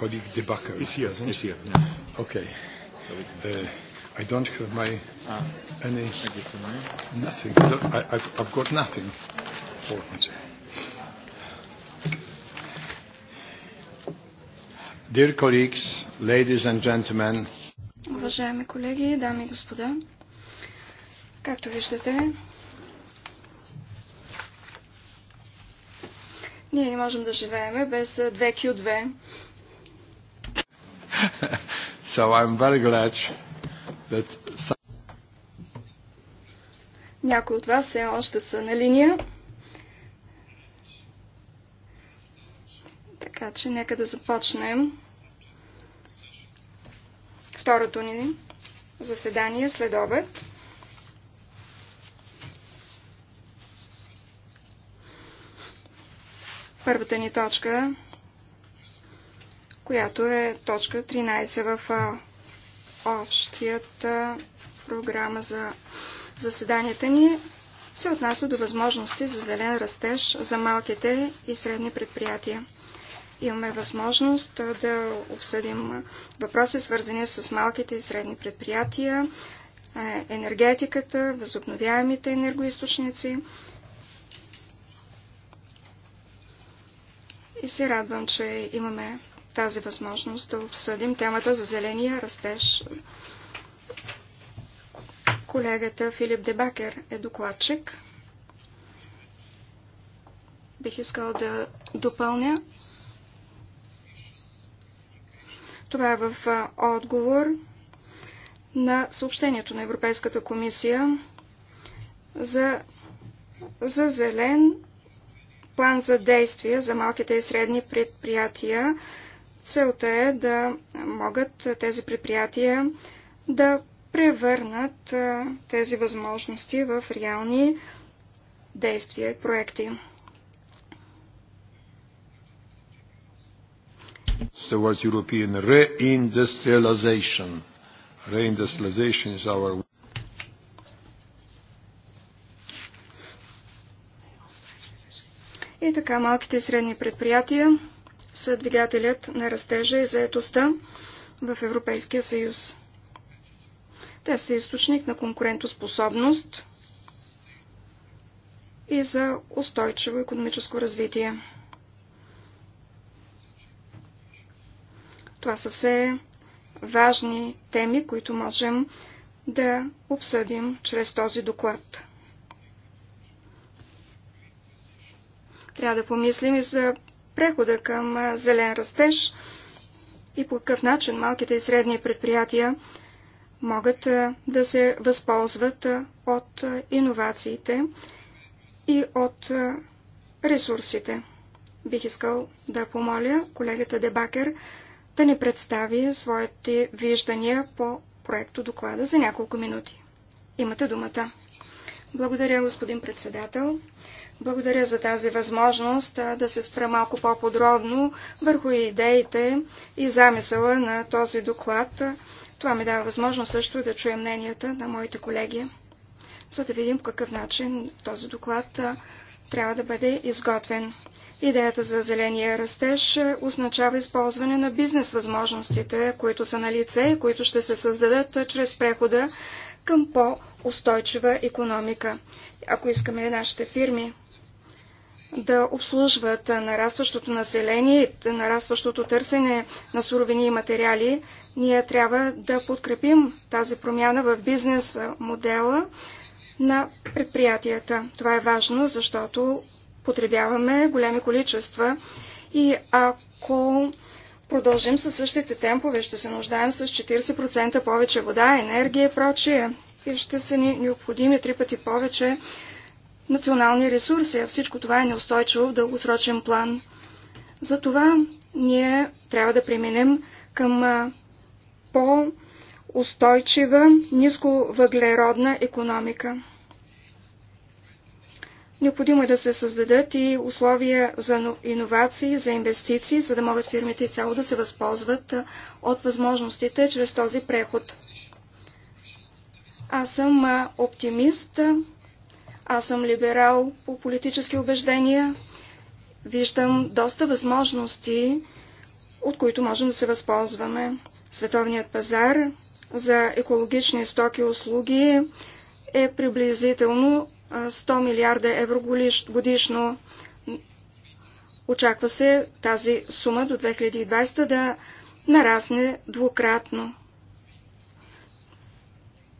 colleague De Bakker. Is here, isn't Is here. Yeah. Okay. Uh, I don't have my ah, any nothing. I don't, I, I've, I've got nothing. For Dear colleagues, ladies and gentlemen. Уважаеми колеги, дами и господа, както виждате, ние не можем да живееме без 2Q2. so I'm very glad that some... Някои от вас все още са на линия. Така че нека да започнем второто ни заседание след обед. Първата ни точка която е точка 13 в общията програма за заседанията ни, се отнася до възможности за зелен растеж за малките и средни предприятия. Имаме възможност да обсъдим въпроси, свързани с малките и средни предприятия, енергетиката, възобновяемите енергоисточници. И се радвам, че имаме тази възможност да обсъдим темата за зеления растеж. Колегата Филип Дебакер е докладчик. Бих искал да допълня. Това е в отговор на съобщението на Европейската комисия за, за зелен план за действие за малките и средни предприятия Целта е да могат тези предприятия да превърнат тези възможности в реални действия и проекти. European reindustrialization. Reindustrialization is our И така малките и средни предприятия са двигателят на растежа и заетостта в Европейския съюз. Те са източник на конкурентоспособност и за устойчиво економическо развитие. Това са все важни теми, които можем да обсъдим чрез този доклад. Трябва да помислим и за прехода към зелен растеж и по какъв начин малките и средни предприятия могат да се възползват от иновациите и от ресурсите. Бих искал да помоля колегата Дебакер да ни представи своите виждания по проекто доклада за няколко минути. Имате думата. Благодаря, господин председател. Благодаря за тази възможност да се спра малко по-подробно върху идеите и замисъла на този доклад. Това ми дава възможност също да чуя мненията на моите колеги, за да видим по какъв начин този доклад трябва да бъде изготвен. Идеята за зеления растеж означава използване на бизнес възможностите, които са на лице и които ще се създадат чрез прехода към по-устойчива економика. Ако искаме нашите фирми да обслужват нарастващото население и нарастващото търсене на суровини и материали, ние трябва да подкрепим тази промяна в бизнес модела на предприятията. Това е важно, защото потребяваме големи количества и ако продължим със същите темпове, ще се нуждаем с 40% повече вода, енергия и прочие. И ще са ни необходими три пъти повече национални ресурси, а всичко това е неустойчиво в дългосрочен план. Затова ние трябва да преминем към по-устойчива, нисковъглеродна економика. Необходимо е да се създадат и условия за иновации, за инвестиции, за да могат фирмите цяло да се възползват от възможностите чрез този преход. Аз съм оптимист аз съм либерал по политически убеждения. Виждам доста възможности, от които можем да се възползваме. Световният пазар за екологични стоки и услуги е приблизително 100 милиарда евро годишно. Очаква се тази сума до 2020 да нарасне двукратно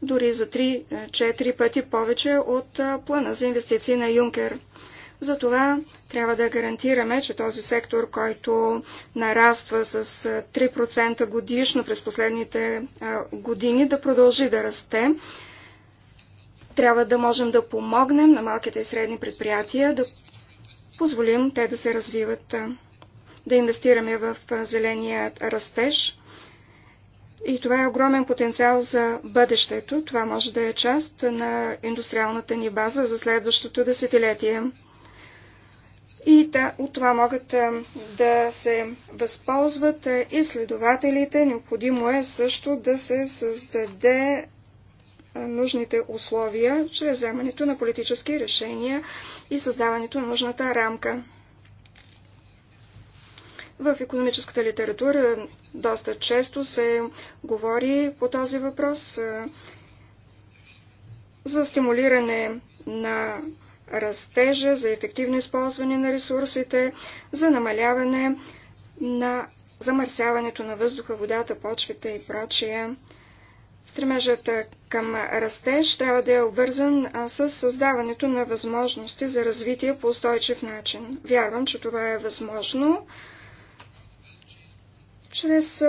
дори за 3-4 е, пъти повече от е, плана за инвестиции на Юнкер. Затова трябва да гарантираме, че този сектор, който нараства с 3% е, годишно през последните години, да продължи да расте. Трябва да можем да помогнем на малките и средни предприятия, да позволим те да се развиват, да инвестираме в зеления растеж. И това е огромен потенциал за бъдещето. Това може да е част на индустриалната ни база за следващото десетилетие. И да, от това могат да се възползват изследователите. Необходимо е също да се създаде нужните условия чрез вземането на политически решения и създаването на нужната рамка. В економическата литература доста често се говори по този въпрос за стимулиране на растежа, за ефективно използване на ресурсите, за намаляване на замърсяването на въздуха, водата, почвите и прочие. Стремежът към растеж трябва да е обвързан с създаването на възможности за развитие по устойчив начин. Вярвам, че това е възможно чрез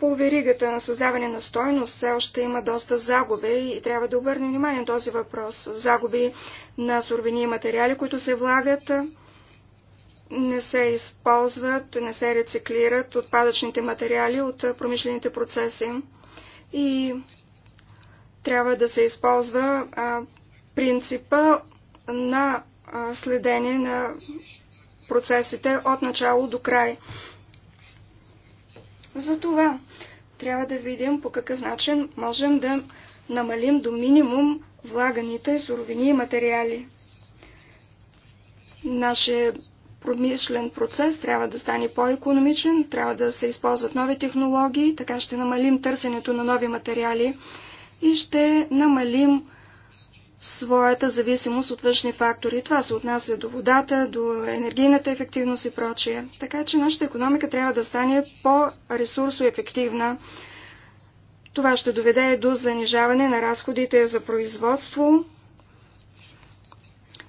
поверигата на създаване на стойност все още има доста загуби и трябва да обърнем внимание на този въпрос. Загуби на суровини и материали, които се влагат, не се използват, не се рециклират отпадъчните материали от промишлените процеси и трябва да се използва а, принципа на а, следение на процесите от начало до край. Затова трябва да видим по какъв начин можем да намалим до минимум влаганите суровини и материали. Нашия промишлен процес трябва да стане по-економичен, трябва да се използват нови технологии, така ще намалим търсенето на нови материали и ще намалим своята зависимост от външни фактори. Това се отнася до водата, до енергийната ефективност и прочие. Така че нашата економика трябва да стане по-ресурсоефективна. Това ще доведе до занижаване на разходите за производство.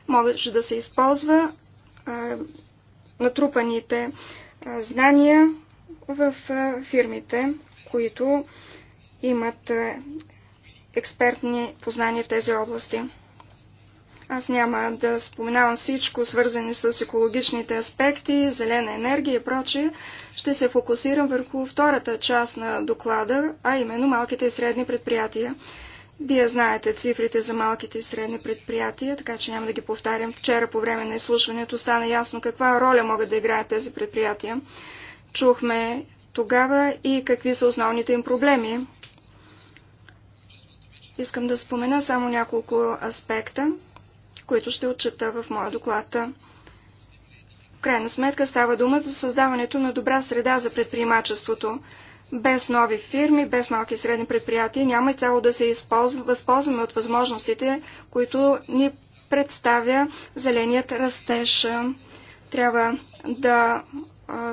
Може да се използва а, натрупаните а, знания в а, фирмите, които имат а, експертни познания в тези области. Аз няма да споменавам всичко, свързани с екологичните аспекти, зелена енергия и прочее. Ще се фокусирам върху втората част на доклада, а именно малките и средни предприятия. Вие знаете цифрите за малките и средни предприятия, така че няма да ги повтарям. Вчера по време на изслушването стана ясно каква роля могат да играят тези предприятия. Чухме тогава и какви са основните им проблеми. Искам да спомена само няколко аспекта, които ще отчета в моя доклад. В крайна сметка става дума за създаването на добра среда за предприемачеството. Без нови фирми, без малки и средни предприятия няма цяло да се използва, възползваме от възможностите, които ни представя зеленият растеж. Трябва да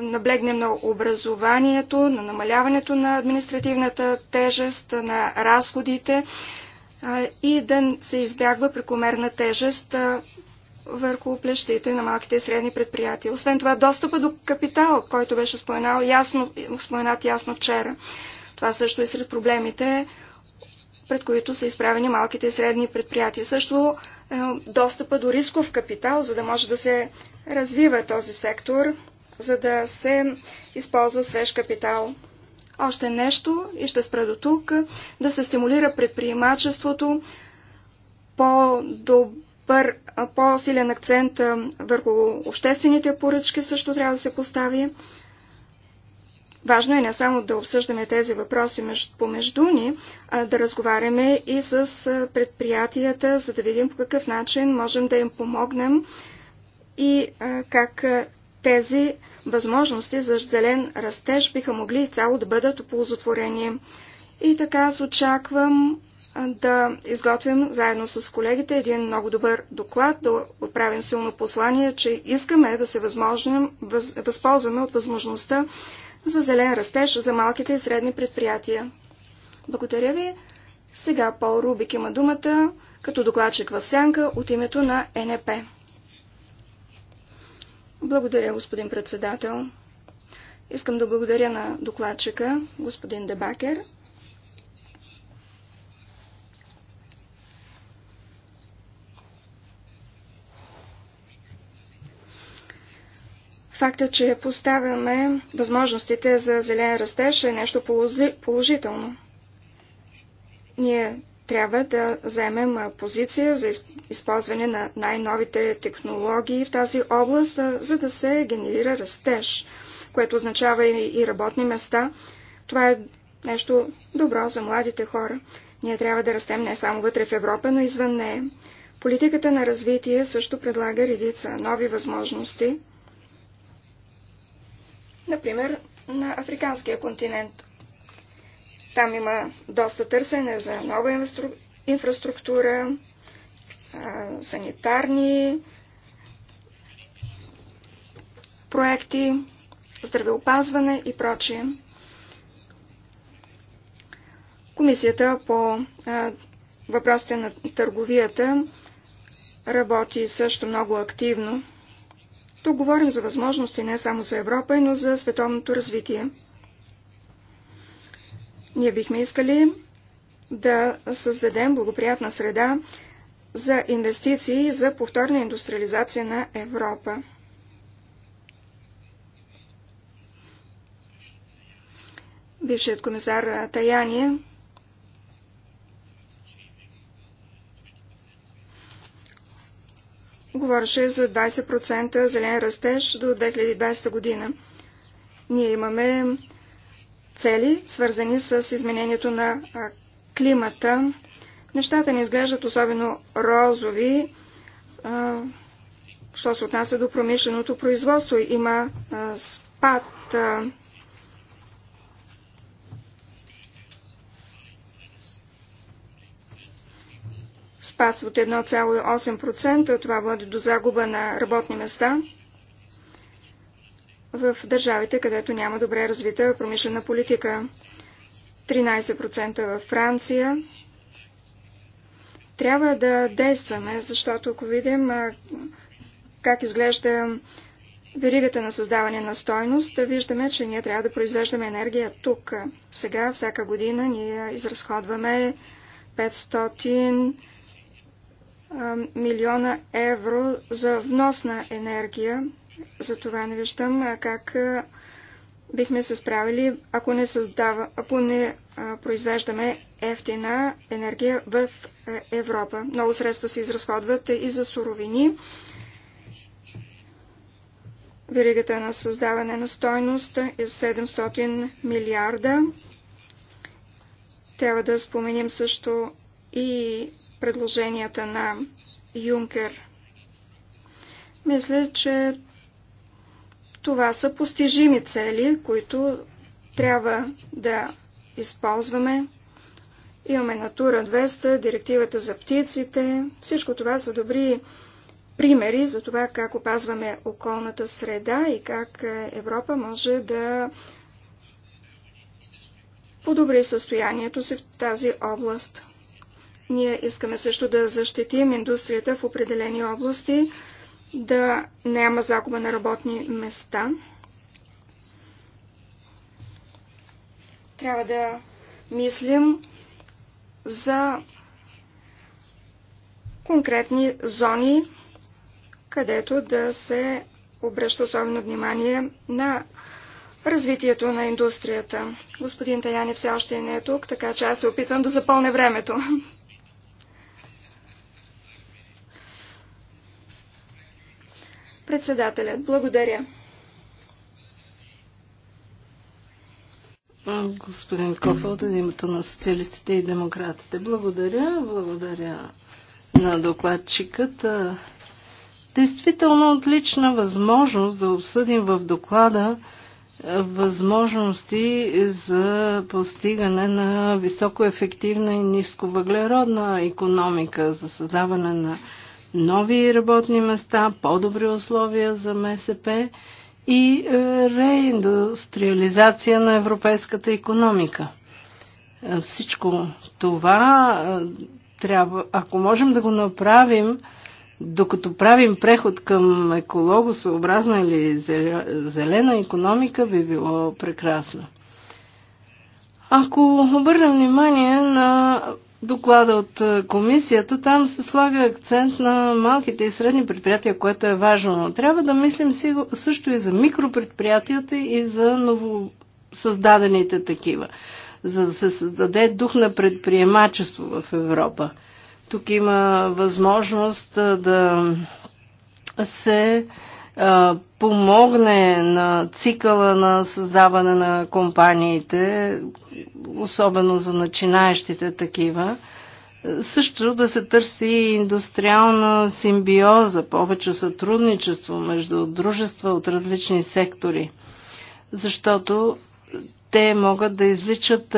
наблегнем на образованието, на намаляването на административната тежест, на разходите и да се избягва прекомерна тежест върху плещите на малките и средни предприятия. Освен това, достъпа до капитал, който беше споменал ясно, споменат ясно вчера. Това също е сред проблемите, пред които са изправени малките и средни предприятия. Също е, достъпа до рисков капитал, за да може да се развива този сектор за да се използва свеж капитал. Още нещо и ще спра до тук. Да се стимулира предприемачеството по добър, по-силен акцент върху обществените поръчки също трябва да се постави. Важно е не само да обсъждаме тези въпроси помежду ни, а да разговаряме и с предприятията, за да видим по какъв начин можем да им помогнем и как тези възможности за зелен растеж биха могли изцяло да бъдат оползотворени. И така аз очаквам да изготвим заедно с колегите един много добър доклад, да отправим силно послание, че искаме да се възможним, въз, възползваме от възможността за зелен растеж за малките и средни предприятия. Благодаря ви. Сега Пол Рубик има думата като докладчик в сянка от името на НП. Благодаря, господин председател. Искам да благодаря на докладчика, господин Дебакер. Факта, че поставяме възможностите за зелен растеж е нещо положително. Ние трябва да вземем позиция за използване на най-новите технологии в тази област, за да се генерира растеж, което означава и работни места. Това е нещо добро за младите хора. Ние трябва да растем не само вътре в Европа, но извън нея. Политиката на развитие също предлага редица нови възможности, например на африканския континент. Там има доста търсене за нова инфраструктура, санитарни проекти, здравеопазване и прочие. Комисията по въпросите на търговията работи също много активно. Тук говорим за възможности не само за Европа, но за световното развитие. Ние бихме искали да създадем благоприятна среда за инвестиции и за повторна индустриализация на Европа. Бившият комисар Таяни говореше за 20% зелен растеж до 2020 година. Ние имаме цели, свързани с изменението на климата. Нещата не изглеждат особено розови, що се отнася до промишленото производство. Има спад. спад от 1,8%. Това води до загуба на работни места в държавите, където няма добре развита промишлена политика. 13% във Франция. Трябва да действаме, защото ако видим как изглежда веригата на създаване на стойност, виждаме, че ние трябва да произвеждаме енергия тук. Сега, всяка година, ние изразходваме 500 милиона евро за внос на енергия. Затова не виждам как бихме се справили, ако не, създава, ако не произвеждаме ефтина енергия в Европа. Много средства се изразходват и за суровини. Веригата на създаване на стойност е 700 милиарда. Трябва да споменим също и предложенията на Юнкер. Мисля, че това са постижими цели, които трябва да използваме. Имаме Натура 200, директивата за птиците. Всичко това са добри примери за това как опазваме околната среда и как Европа може да подобри състоянието си в тази област. Ние искаме също да защитим индустрията в определени области, да няма загуба на работни места. Трябва да мислим за конкретни зони, където да се обръща особено внимание на развитието на индустрията. Господин Таяни все още не е тук, така че аз се опитвам да запълня времето. Председателят, благодаря. Господин Кофел, да името на социалистите и демократите. Благодаря, благодаря на докладчикът. Действително отлична възможност да обсъдим в доклада възможности за постигане на високоефективна и нисковъглеродна економика, за създаване на нови работни места, по-добри условия за МСП и е, реиндустриализация на европейската економика. Е, всичко това е, трябва, ако можем да го направим, докато правим преход към екологосъобразна или зелена економика, би било прекрасно. Ако обърнем внимание на доклада от е, комисията, там се слага акцент на малките и средни предприятия, което е важно. Но трябва да мислим също и за микропредприятията и за новосъздадените такива, за да се създаде дух на предприемачество в Европа. Тук има възможност е, да се е, помогне на цикъла на създаване на компаниите, особено за начинаещите такива. Също да се търси индустриална симбиоза, повече сътрудничество между дружества от различни сектори, защото те могат да изличат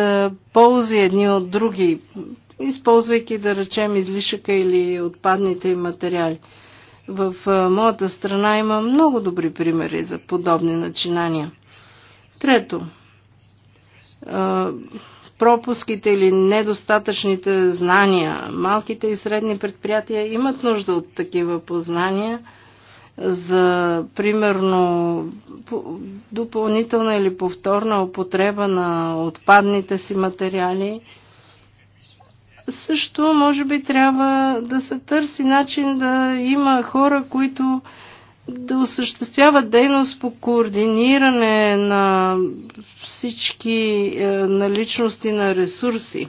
ползи едни от други, използвайки, да речем, излишъка или отпадните им материали. В моята страна има много добри примери за подобни начинания. Трето, пропуските или недостатъчните знания. Малките и средни предприятия имат нужда от такива познания за примерно допълнителна или повторна употреба на отпадните си материали. Също може би трябва да се търси начин да има хора, които да осъществяват дейност по координиране на всички е, наличности на ресурси.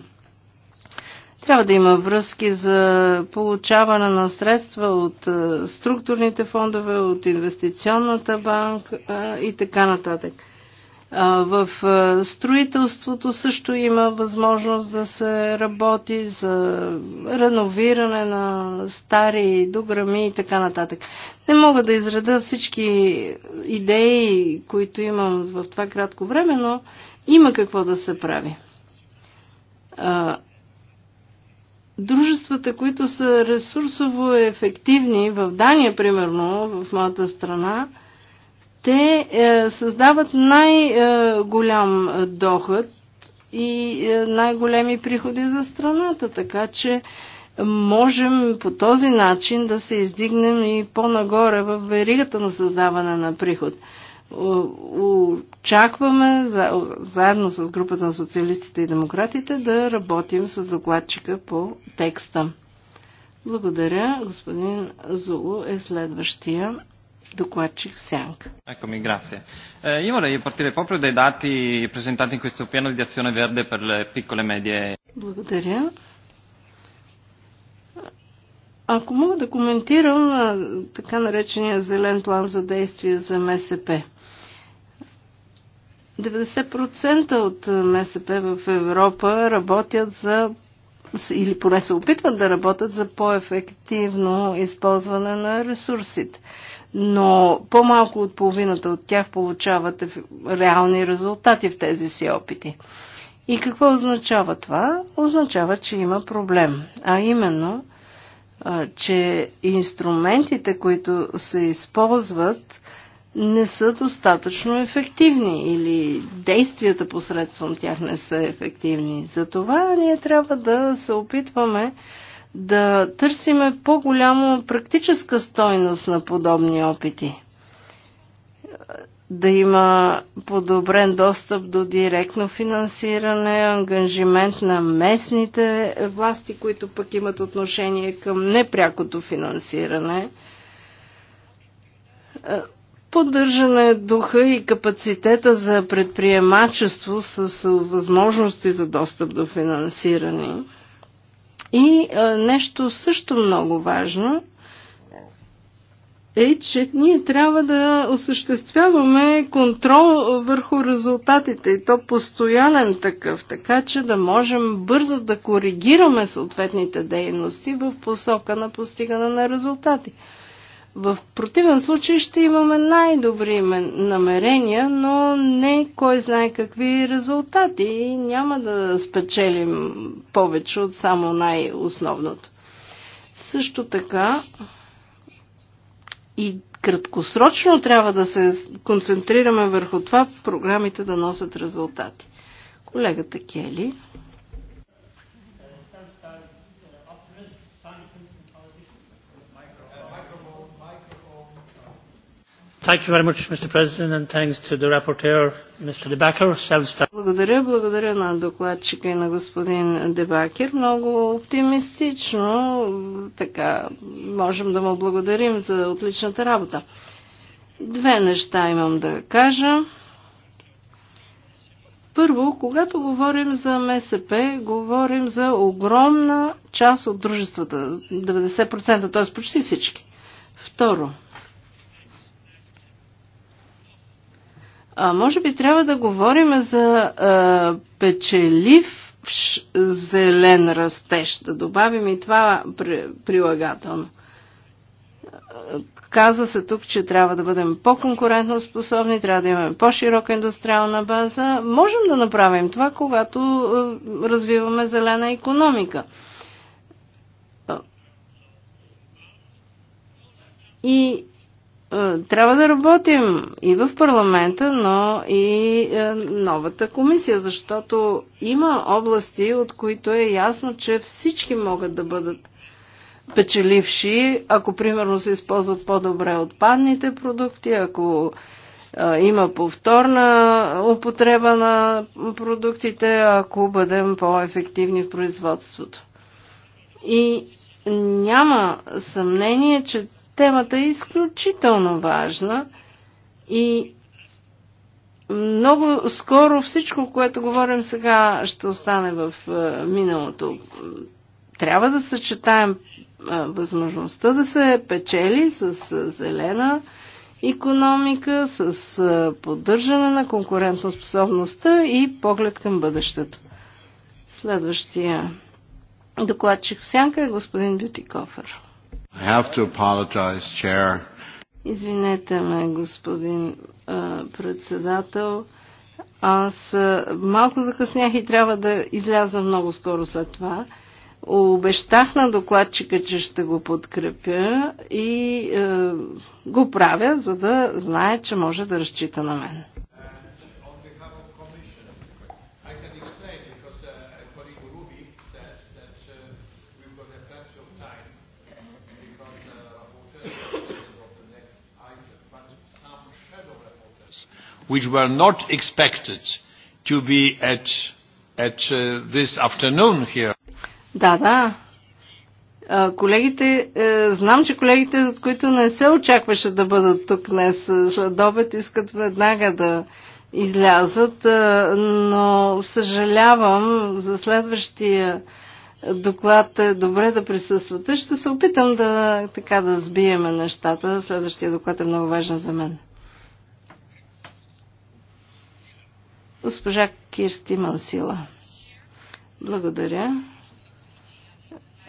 Трябва да има връзки за получаване на средства от е, структурните фондове, от инвестиционната банка и така нататък. В е, строителството също има възможност да се работи за реновиране на стари дограми и така нататък. Не мога да изреда всички идеи, които имам в това кратко време, но има какво да се прави. А, дружествата, които са ресурсово ефективни, в Дания, примерно, в моята страна, те е, създават най-голям е, доход и е, най-големи приходи за страната, така че можем по този начин да се издигнем и по-нагоре в веригата на създаване на приход. Очакваме, заедно с групата на социалистите и демократите, да работим с докладчика по текста. Благодаря. Господин Зулу е следващия докладчик в Сянка. Еко ми, грация. Има vorrei партире proprio да dati presentati in questo piano di azione Верде per le piccole e Благодаря. Ако мога да коментирам така наречения зелен план за действие за МСП. 90% от МСП в Европа работят за или поне се опитват да работят за по-ефективно използване на ресурсите. Но по-малко от половината от тях получават реални резултати в тези си опити. И какво означава това? Означава, че има проблем. А именно – че инструментите, които се използват, не са достатъчно ефективни или действията посредством тях не са ефективни. Затова ние трябва да се опитваме да търсиме по-голяма практическа стойност на подобни опити да има подобрен достъп до директно финансиране, ангажимент на местните власти, които пък имат отношение към непрякото финансиране, е, поддържане духа и капацитета за предприемачество с възможности за достъп до финансиране. И е, нещо също много важно е, че ние трябва да осъществяваме контрол върху резултатите и то постоянен такъв, така че да можем бързо да коригираме съответните дейности в посока на постигане на резултати. В противен случай ще имаме най-добри намерения, но не кой знае какви резултати и няма да спечелим повече от само най-основното. Също така, и краткосрочно трябва да се концентрираме върху това, програмите да носят резултати. Колегата Кели. Благодаря, благодаря на докладчика и на господин Дебакер. Много оптимистично, така, можем да му благодарим за отличната работа. Две неща имам да кажа. Първо, когато говорим за МСП, говорим за огромна част от дружествата, 90%, т.е. почти всички. Второ, А, може би трябва да говорим за а, печелив зелен растеж, да добавим и това прилагателно. Каза се тук, че трябва да бъдем по-конкурентно способни, трябва да имаме по-широка индустриална база. Можем да направим това, когато развиваме зелена економика. И е, трябва да работим и в парламента, но и е, новата комисия, защото има области, от които е ясно, че всички могат да бъдат печеливши, ако примерно се използват по-добре отпадните продукти, ако е, има повторна употреба на продуктите, ако бъдем по-ефективни в производството. И няма съмнение, че темата е изключително важна и много скоро всичко, което говорим сега, ще остане в е, миналото. Трябва да съчетаем е, възможността да се печели с е, зелена економика, с поддържане на конкурентоспособността и поглед към бъдещето. Следващия докладчик в сянка е господин Бютикофер. I have to apologize, chair. Извинете ме, господин председател. Аз малко закъснях и трябва да изляза много скоро след това. Обещах на докладчика, че ще го подкрепя и го правя, за да знае, че може да разчита на мен. which were not expected to be at, at uh, this afternoon here. Да, да. Колегите, е, знам, че колегите, от които не се очакваше да бъдат тук днес е, след обед, искат веднага да излязат, е, но съжалявам за следващия доклад е добре да присъствате. Ще се опитам да, така, да сбиеме нещата. Следващия доклад е много важен за мен. Госпожа Кирсти Мансила. Благодаря.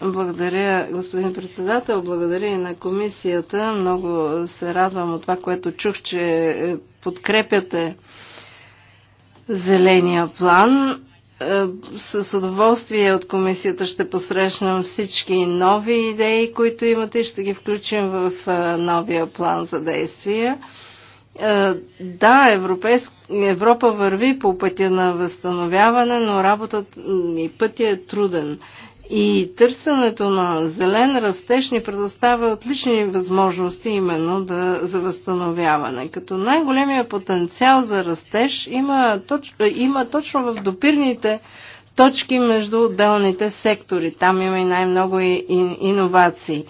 Благодаря, господин председател. Благодаря и на комисията. Много се радвам от това, което чух, че подкрепяте зеления план. Е, с удоволствие от комисията ще посрещнем всички нови идеи, които имате и ще ги включим в е, новия план за действия. Е, да, Европа върви по пътя на възстановяване, но работата и пътя е труден. И търсенето на зелен растеж ни предоставя отлични възможности именно да, за възстановяване. Като най-големия потенциал за растеж има, точ, има точно в допирните точки между отделните сектори. Там има и най-много и, и, иновации. И,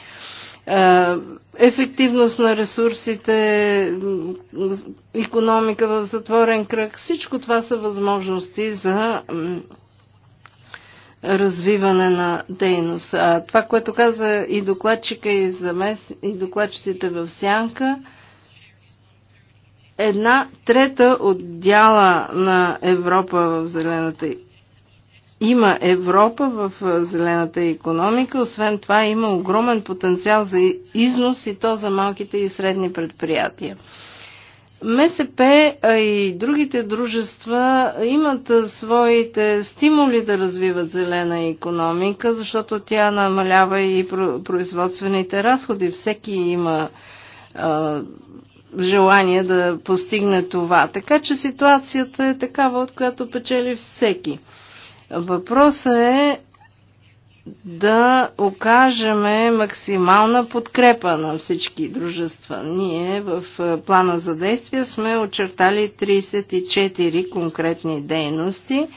е, ефективност на ресурсите, економика в затворен кръг. Всичко това са възможности за развиване на дейност. А това, което каза и докладчика, и, за мес, и докладчиците в Сянка, една трета от дяла на Европа в зелената има Европа в зелената економика. Освен това има огромен потенциал за износ и то за малките и средни предприятия. МСП а и другите дружества имат своите стимули да развиват зелена економика, защото тя намалява и производствените разходи. Всеки има а, желание да постигне това. Така че ситуацията е такава, от която печели всеки. Въпросът е да окажеме максимална подкрепа на всички дружества. Ние в е, плана за действие сме очертали 34 конкретни дейности.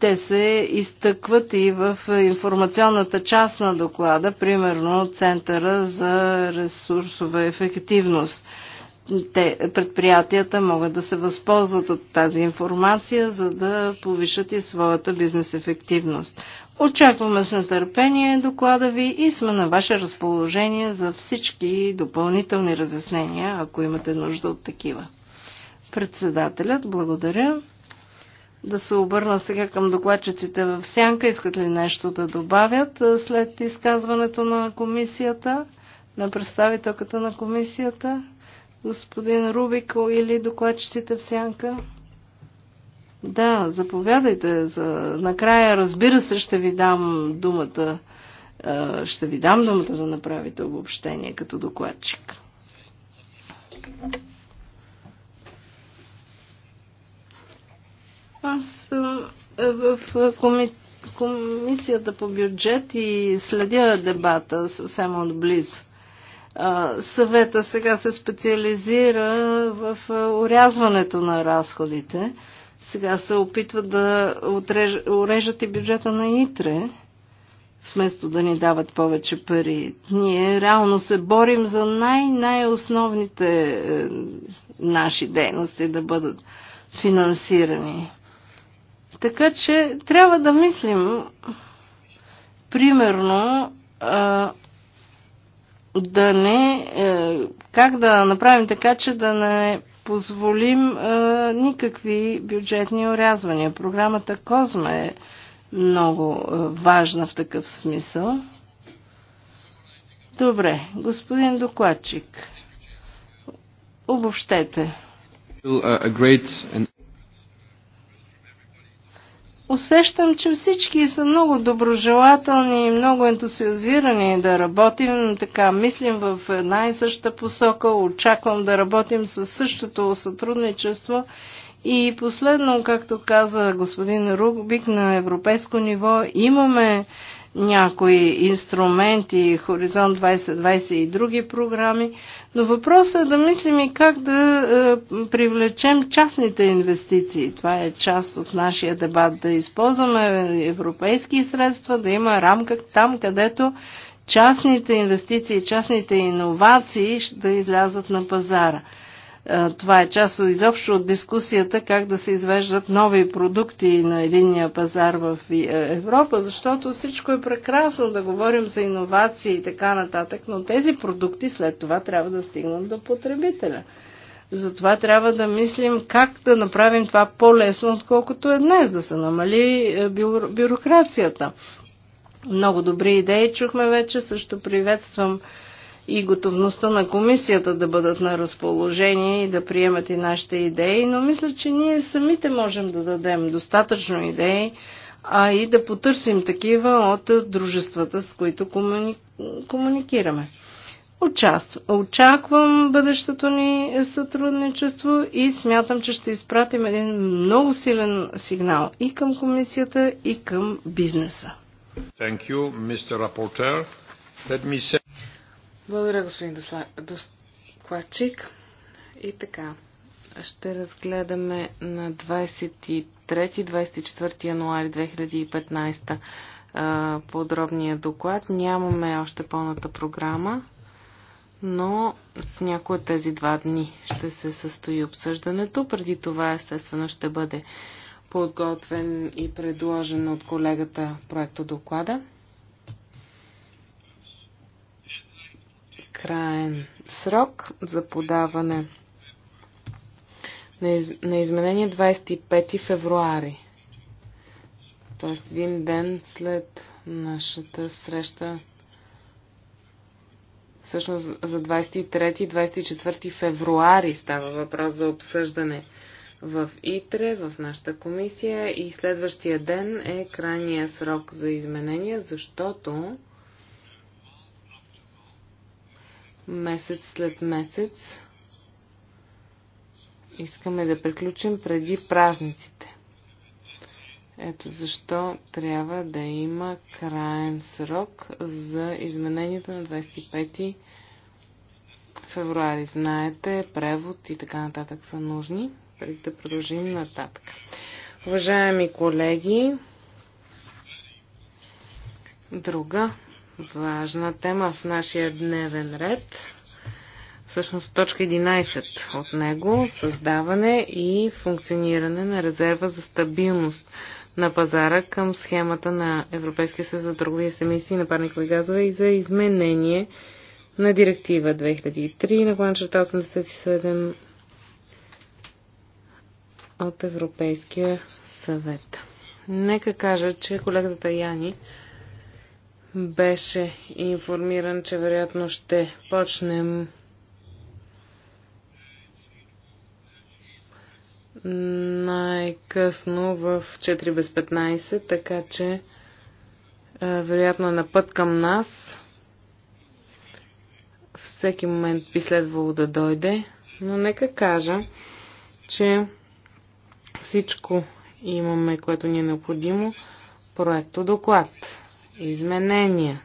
Те се изтъкват и в информационната част на доклада, примерно Центъра за ресурсова ефективност – те, предприятията могат да се възползват от тази информация, за да повишат и своята бизнес ефективност. Очакваме с нетърпение доклада ви и сме на ваше разположение за всички допълнителни разяснения, ако имате нужда от такива. Председателят, благодаря. Да се обърна сега към докладчиците в сянка. Искат ли нещо да добавят след изказването на комисията, на представителката на комисията? господин Рубико или докладчиците в сянка? Да, заповядайте. За... Накрая, разбира се, ще ви дам думата. Ще ви дам думата да направите обобщение като докладчик. Аз съм в коми... комисията по бюджет и следя дебата съвсем отблизо. Съвета сега се специализира в урязването на разходите. Сега се опитват да отреж, урежат и бюджета на ИТРЕ, вместо да ни дават повече пари. Ние реално се борим за най-най-основните е, наши дейности да бъдат финансирани. Така че трябва да мислим, примерно, а, да не. Е, как да направим така, че да не позволим е, никакви бюджетни урязвания? Програмата Козма е много е, важна в такъв смисъл. Добре, господин докладчик, обобщете. Uh, усещам, че всички са много доброжелателни и много ентусиазирани да работим така. Мислим в една и съща посока, очаквам да работим със същото сътрудничество. И последно, както каза господин Рубик, на европейско ниво имаме някои инструменти, Хоризонт 2020 и други програми, но въпросът е да мислим и как да е, привлечем частните инвестиции. Това е част от нашия дебат, да използваме европейски средства, да има рамка там, където частните инвестиции, частните иновации да излязат на пазара – това е част от изобщо от дискусията как да се извеждат нови продукти на единния пазар в е, Европа, защото всичко е прекрасно да говорим за иновации и така нататък, но тези продукти след това трябва да стигнат до потребителя. Затова трябва да мислим как да направим това по-лесно, отколкото е днес, да се намали е, бюрокрацията. Много добри идеи чухме вече, също приветствам и готовността на комисията да бъдат на разположение и да приемат и нашите идеи, но мисля, че ние самите можем да дадем достатъчно идеи, а и да потърсим такива от дружествата, с които комуни... комуникираме. Очаквам бъдещето ни сътрудничество и смятам, че ще изпратим един много силен сигнал и към комисията, и към бизнеса. Thank you, Mr. Let me say... Благодаря, господин докладчик. И така, ще разгледаме на 23-24 януари 2015 подробния доклад. Нямаме още пълната програма, но в някои от тези два дни ще се състои обсъждането. Преди това, естествено, ще бъде подготвен и предложен от колегата проекто доклада. краен срок за подаване на, из, на изменение 25 февруари. Тоест един ден след нашата среща. Всъщност за 23-24 февруари става въпрос за обсъждане в ИТРЕ, в нашата комисия и следващия ден е крайния срок за изменения, защото месец след месец. Искаме да приключим преди празниците. Ето защо трябва да има краен срок за измененията на 25 февруари. Знаете, превод и така нататък са нужни, преди да продължим нататък. Уважаеми колеги, друга важна тема в нашия дневен ред. Всъщност точка 11 от него създаване и функциониране на резерва за стабилност на пазара към схемата на Европейския съюз за търговия с емисии на парникови газове и за изменение на директива 2003 на кланчерта 87 от Европейския съвет. Нека кажа, че колегата Яни беше информиран, че вероятно ще почнем най-късно в 4 без 15, така че е, вероятно е на път към нас. Всеки момент би следвало да дойде, но нека кажа, че всичко имаме, което ни е необходимо. Проекто доклад изменения.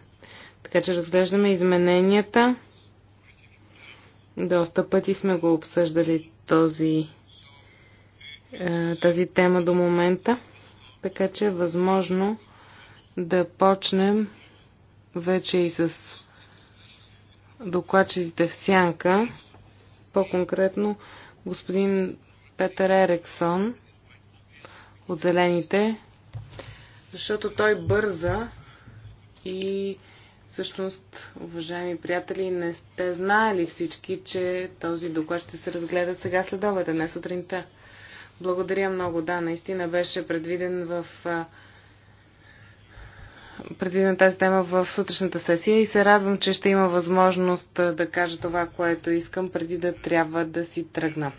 Така че разглеждаме измененията. Доста пъти сме го обсъждали този, е, тази тема до момента. Така че е възможно да почнем вече и с докладчиците в сянка. По-конкретно господин Петър Ерексон от Зелените, защото той бърза и всъщност, уважаеми приятели, не сте знаели всички, че този доклад ще се разгледа сега след обеда, не сутринта. Благодаря много, да, наистина беше предвиден в предвидена тази тема в сутрешната сесия и се радвам, че ще има възможност да кажа това, което искам преди да трябва да си тръгна.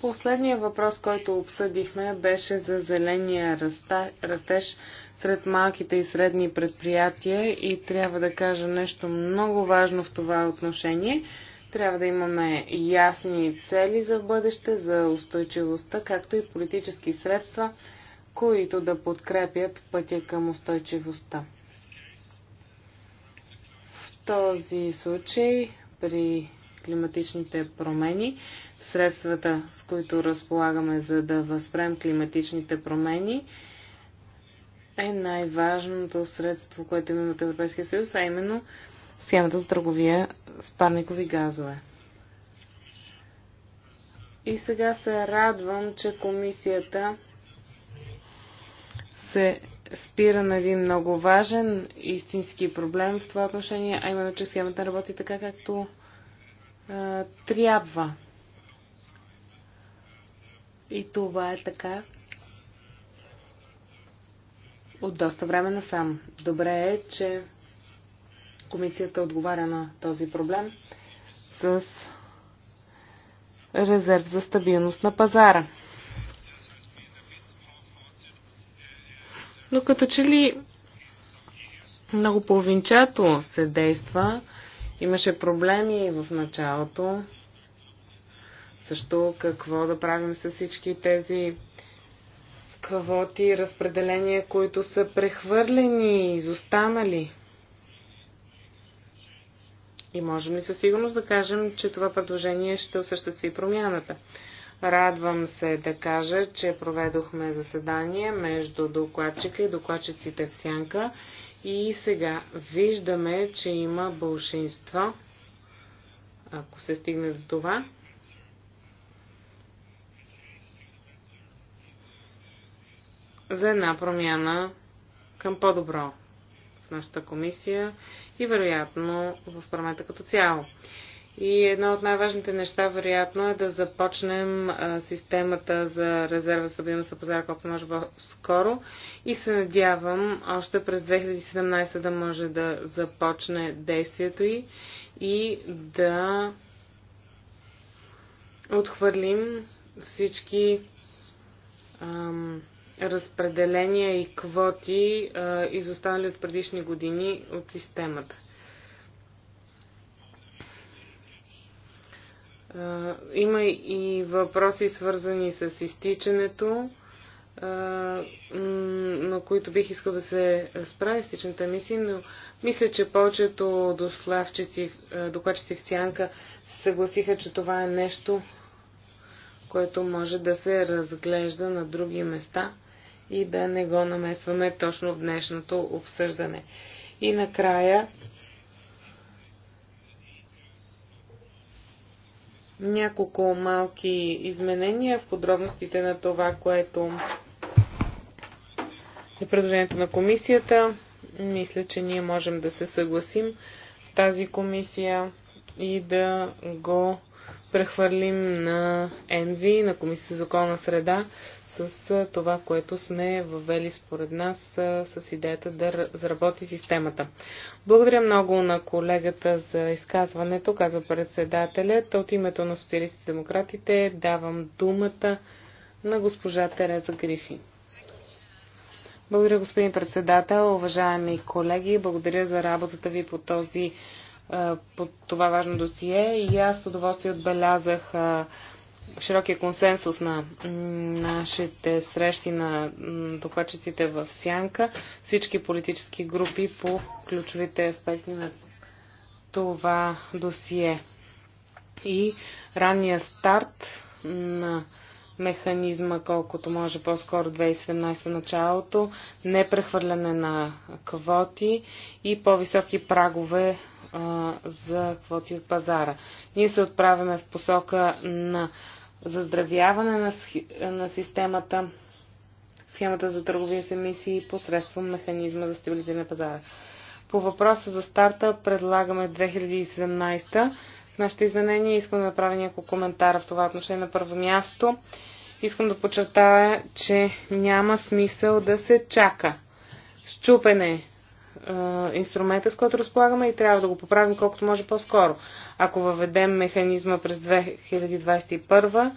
Последният въпрос, който обсъдихме, беше за зеления растеж сред малките и средни предприятия и трябва да кажа нещо много важно в това отношение. Трябва да имаме ясни цели за бъдеще, за устойчивостта, както и политически средства, които да подкрепят пътя към устойчивостта. В този случай при климатичните промени средствата, с които разполагаме, за да възпрем климатичните промени, е най-важното средство, което имаме от Европейския съюз, а именно схемата за търговия с парникови газове. И сега се радвам, че комисията се спира на един много важен истински проблем в това отношение, а именно, че схемата работи така, както е, трябва. И това е така от доста време насам. Добре е, че комисията отговаря на този проблем с резерв за стабилност на пазара. Но като че ли много половинчато се действа, имаше проблеми в началото. Също какво да правим с всички тези квоти и разпределения, които са прехвърлени, и изостанали. И можем ли със сигурност да кажем, че това предложение ще осъществи промяната? Радвам се да кажа, че проведохме заседание между докладчика и докладчиците в Сянка и сега виждаме, че има бълшинство, ако се стигне до това, за една промяна към по-добро в нашата комисия и вероятно в парламента като цяло. И едно от най-важните неща, вероятно, е да започнем системата за резерва стабилност на пазара колко може по-скоро и се надявам още през 2017 да може да започне действието й и да отхвърлим всички ам, разпределения и квоти, изостанали от предишни години от системата. Има и въпроси свързани с изтичането, на които бих искал да се справя изтичната мисия, но мисля, че повечето дославчици докладчици в Сянка се съгласиха, че това е нещо, което може да се разглежда на други места – и да не го намесваме точно в днешното обсъждане. И накрая няколко малки изменения в подробностите на това, което е предложението на комисията. Мисля, че ние можем да се съгласим в тази комисия и да го прехвърлим на ЕНВИ, на Комисията за околна среда, с това, което сме въвели според нас с идеята да заработи системата. Благодаря много на колегата за изказването, казва председателят. От името на социалистите демократите давам думата на госпожа Тереза Грифи. Благодаря, господин председател, уважаеми колеги. Благодаря за работата ви по този под това важно досие и аз с удоволствие отбелязах широкия консенсус на нашите срещи на докладчиците в Сянка, всички политически групи по ключовите аспекти на това досие. И ранния старт на механизма, колкото може по-скоро 2017 началото, непрехвърляне на квоти и по-високи прагове а, за квоти от пазара. Ние се отправяме в посока на заздравяване на, на системата, схемата за търговия с емисии посредством механизма за стабилизиране на пазара. По въпроса за старта предлагаме 2017 в нашите изменения. Искам да направя няколко коментара в това отношение. На първо място искам да подчертая, че няма смисъл да се чака. Щупене инструмента, с който разполагаме и трябва да го поправим колкото може по-скоро. Ако въведем механизма през 2021,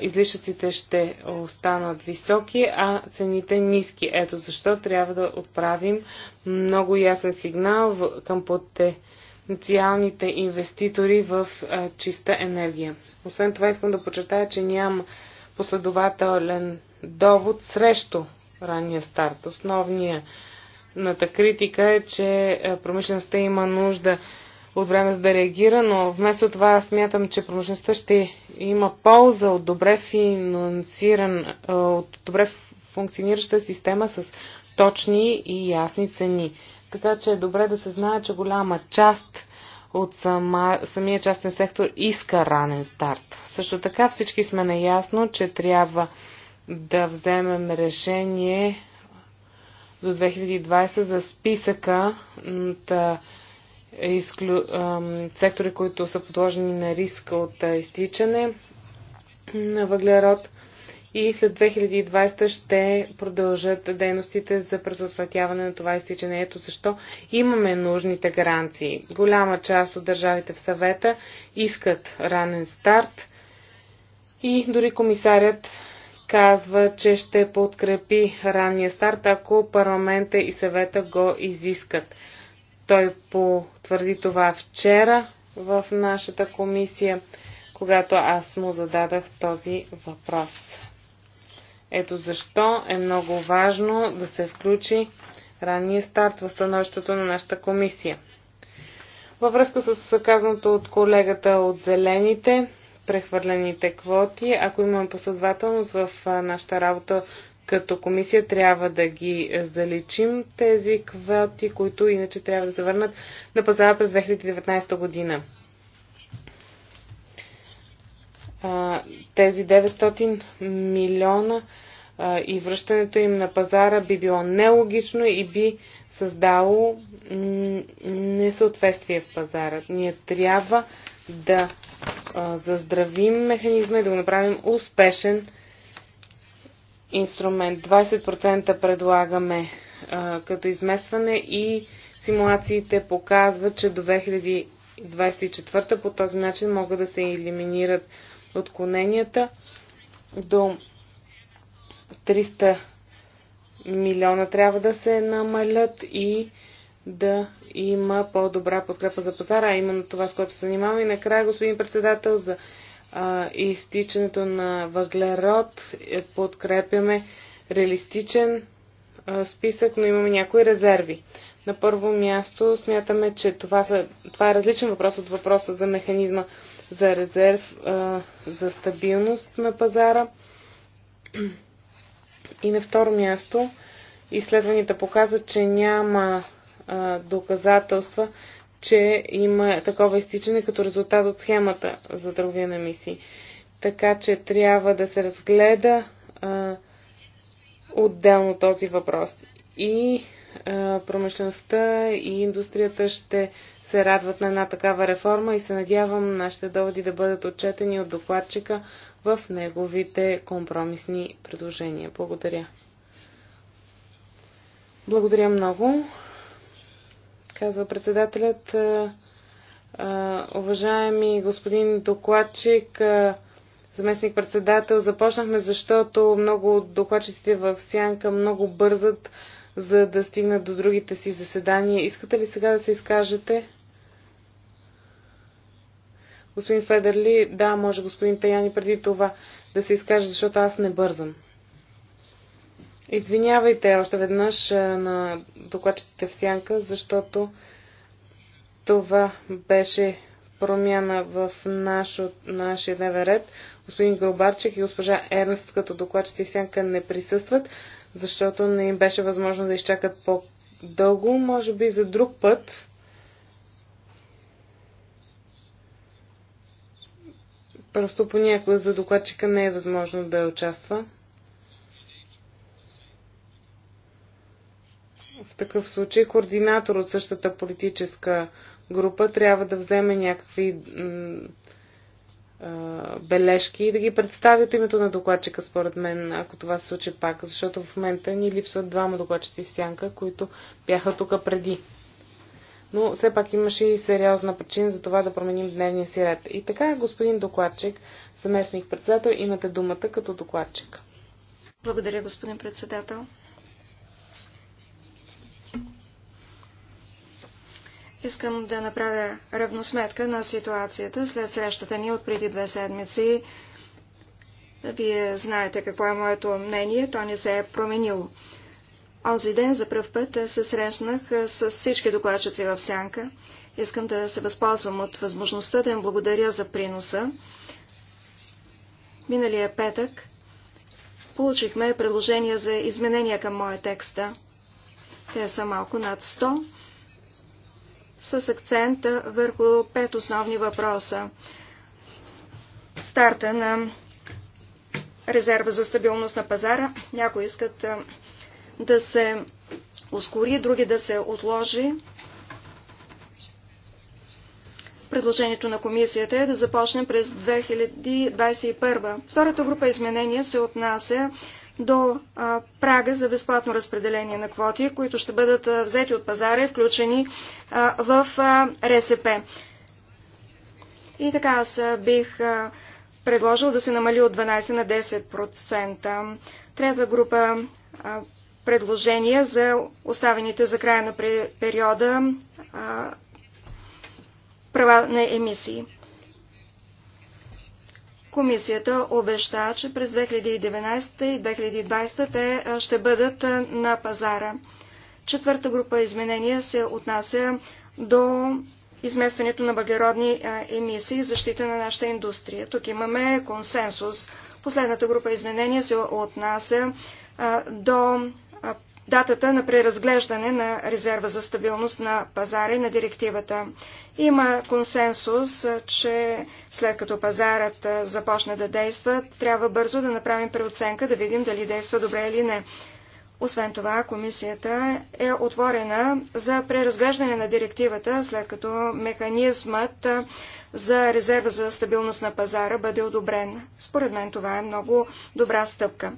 излишъците ще останат високи, а цените ниски. Ето защо трябва да отправим много ясен сигнал към потенциалните инвеститори в чиста енергия. Освен това искам да подчертая, че няма последователен довод срещу ранния старт. Основният Основната критика е, че е, промишлеността има нужда от време за да реагира, но вместо това смятам, че промишлеността ще има полза от добре финансиран, е, от добре функционираща система с точни и ясни цени. Така че е добре да се знае, че голяма част от сама, самия частен сектор иска ранен старт. Също така всички сме наясно, че трябва да вземем решение до 2020 за списъка от изклю... сектори, които са подложени на риск от изтичане на въглерод и след 2020 ще продължат дейностите за предотвратяване на това изтичане. Ето защо имаме нужните гаранции. Голяма част от държавите в съвета искат ранен старт и дори комисарят казва, че ще подкрепи ранния старт, ако парламента и съвета го изискат. Той потвърди това вчера в нашата комисия, когато аз му зададах този въпрос. Ето защо е много важно да се включи ранния старт в становището на нашата комисия. Във връзка с казаното от колегата от Зелените, прехвърлените квоти. Ако имаме последователност в нашата работа като комисия, трябва да ги е, заличим тези квоти, които иначе трябва да се върнат на пазара през 2019 година. Тези 900 милиона и връщането им на пазара би било нелогично и би създало несъответствие в пазара. Ние трябва да заздравим механизма и да го направим успешен инструмент. 20% предлагаме а, като изместване и симулациите показват, че до 2024 по този начин могат да се елиминират отклоненията до 300 милиона трябва да се намалят и да има по-добра подкрепа за пазара, а именно това, с което се занимаваме. И накрая, господин председател, за а, изтичането на въглерод е, подкрепяме реалистичен а, списък, но имаме някои резерви. На първо място смятаме, че това, са, това е различен въпрос от въпроса за механизма за резерв, а, за стабилност на пазара. И на второ място изследванията показват, че няма доказателства, че има такова изтичане като резултат от схемата за търговия на мисии. Така че трябва да се разгледа а, отделно този въпрос. И а, промишлеността и индустрията ще се радват на една такава реформа и се надявам нашите доводи да бъдат отчетени от докладчика в неговите компромисни предложения. Благодаря. Благодаря много казва председателят. Е, е, уважаеми господин докладчик, е, заместник-председател, започнахме, защото много от докладчиците в Сянка много бързат, за да стигнат до другите си заседания. Искате ли сега да се изкажете? Господин Федерли, да, може господин Таяни преди това да се изкаже, защото аз не бързам. Извинявайте още веднъж на докладчиците в сянка, защото това беше промяна в нашо, нашия дневен ред. Господин Гълбарчик и госпожа Ернст като докладчици в сянка не присъстват, защото не им беше възможно да изчакат по-дълго, може би за друг път. Просто понякога за докладчика не е възможно да участва. В такъв случай координатор от същата политическа група трябва да вземе някакви бележки и да ги представи от името на докладчика, според мен, ако това се случи пак, защото в момента ни липсват двама докладчици в сянка, които бяха тук преди. Но все пак имаше и сериозна причина за това да променим дневния си ред. И така, господин докладчик, заместник председател, имате думата като докладчик. Благодаря, господин председател. Искам да направя равносметка на ситуацията след срещата ни от преди две седмици. Вие знаете какво е моето мнение, то не се е променило. Онзи ден за пръв път се срещнах с всички докладчици в Сянка. Искам да се възползвам от възможността да им благодаря за приноса. Миналия петък получихме предложения за изменения към моя текста. Те са малко над 100 с акцент върху пет основни въпроса. Старта на резерва за стабилност на пазара. Някои искат да се ускори, други да се отложи. Предложението на комисията е да започне през 2021. Втората група изменения се отнася до а, прага за безплатно разпределение на квоти, които ще бъдат а, взети от пазара и включени а, в а, РСП. И така аз бих а, предложил да се намали от 12 на 10%. Трета група а, предложения за оставените за края на периода а, права на емисии. Комисията обеща, че през 2019 и 2020 те ще бъдат на пазара. Четвърта група изменения се отнася до изместването на въглеродни емисии и защита на нашата индустрия. Тук имаме консенсус. Последната група изменения се отнася до датата на преразглеждане на резерва за стабилност на пазара и на директивата. Има консенсус, че след като пазарът започне да действа, трябва бързо да направим преоценка, да видим дали действа добре или не. Освен това, комисията е отворена за преразглеждане на директивата, след като механизмът за резерва за стабилност на пазара бъде одобрен. Според мен това е много добра стъпка.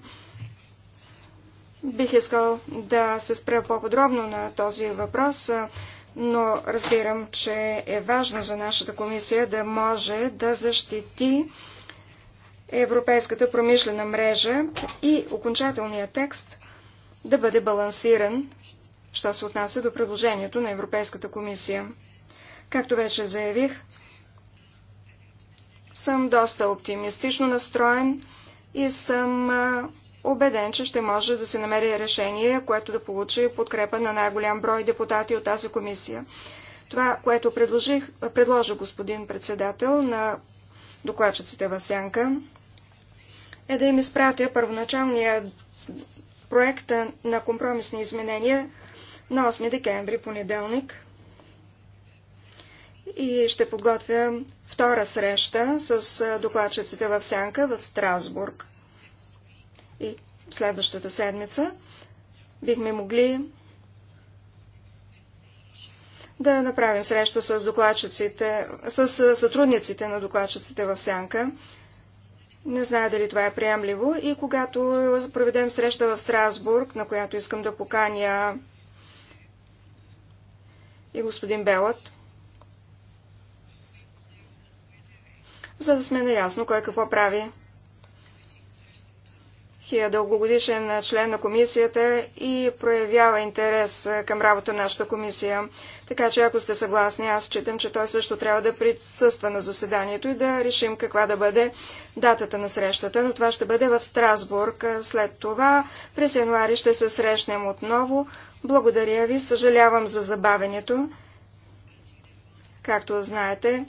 Бих искал да се спра по-подробно на този въпрос, но разбирам, че е важно за нашата комисия да може да защити европейската промишлена мрежа и окончателният текст да бъде балансиран, що се отнася до предложението на Европейската комисия. Както вече заявих, съм доста оптимистично настроен и съм убеден, че ще може да се намери решение, което да получи подкрепа на най-голям брой депутати от тази комисия. Това, което предложих, предложа господин председател на докладчиците в Сянка, е да им изпратя първоначалния проект на компромисни изменения на 8 декември, понеделник. И ще подготвя втора среща с докладчиците в Сянка в Страсбург следващата седмица, бихме могли да направим среща с докладчиците, с сътрудниците на докладчиците в Сянка. Не знае дали това е приемливо. И когато проведем среща в Страсбург, на която искам да поканя и господин Белът, за да сме наясно кой какво прави е дългогодишен член на комисията и проявява интерес към работа на нашата комисия. Така че ако сте съгласни, аз считам, че той също трябва да присъства на заседанието и да решим каква да бъде датата на срещата, но това ще бъде в Страсбург. След това през януари ще се срещнем отново. Благодаря ви, съжалявам за забавенето. Както знаете,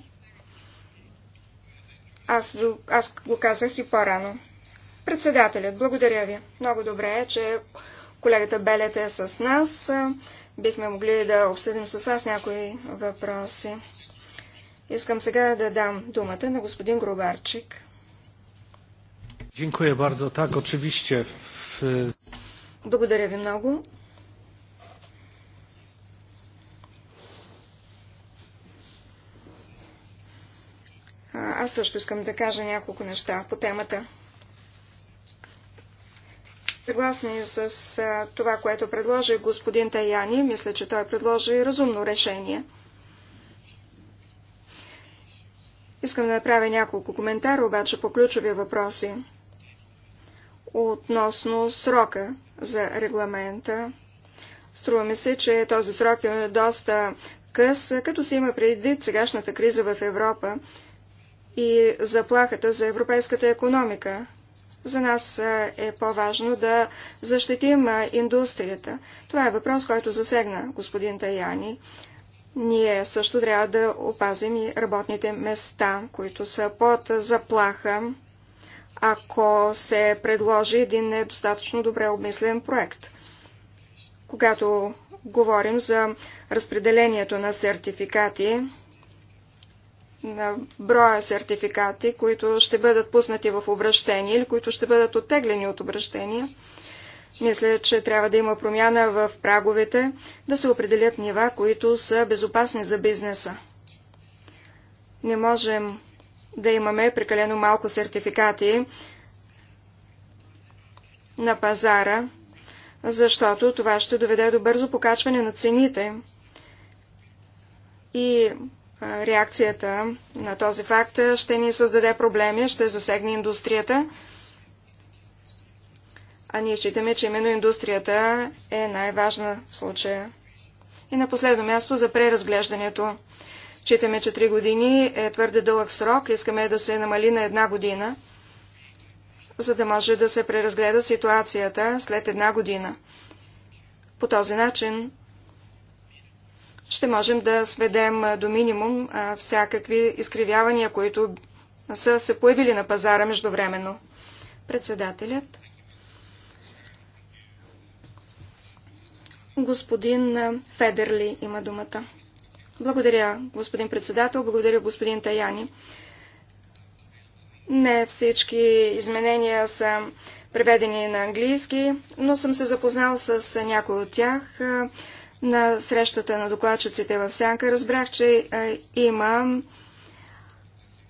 аз, аз го казах и по-рано. Председателят, благодаря ви. Много добре е, че колегата Белет е с нас. Бихме могли да обсъдим с вас някои въпроси. Искам сега да дам думата на господин Гробарчик. Благодаря ви много. Аз също искам да кажа няколко неща по темата съгласни с това, което предложи господин Таяни. Мисля, че той предложи разумно решение. Искам да направя няколко коментара, обаче по ключови въпроси. Относно срока за регламента, струва ми се, че този срок е доста къс, като се има предвид сегашната криза в Европа и заплахата за европейската економика. За нас е по-важно да защитим индустрията. Това е въпрос, който засегна господин Таяни. Ние също трябва да опазим и работните места, които са под заплаха, ако се предложи един недостатъчно добре обмислен проект. Когато говорим за разпределението на сертификати, на броя сертификати, които ще бъдат пуснати в обращение или които ще бъдат оттеглени от обращение. Мисля, че трябва да има промяна в праговете, да се определят нива, които са безопасни за бизнеса. Не можем да имаме прекалено малко сертификати на пазара, защото това ще доведе до бързо покачване на цените и реакцията на този факт ще ни създаде проблеми, ще засегне индустрията. А ние считаме, че именно индустрията е най-важна в случая. И на последно място за преразглеждането. Читаме, че три години е твърде дълъг срок. Искаме да се намали на една година, за да може да се преразгледа ситуацията след една година. По този начин ще можем да сведем до минимум всякакви изкривявания, които са се появили на пазара междувременно. Председателят. Господин Федерли има думата. Благодаря, господин председател, благодаря, господин Таяни. Не всички изменения са преведени на английски, но съм се запознал с някои от тях. На срещата на докладчиците в Сянка разбрах, че има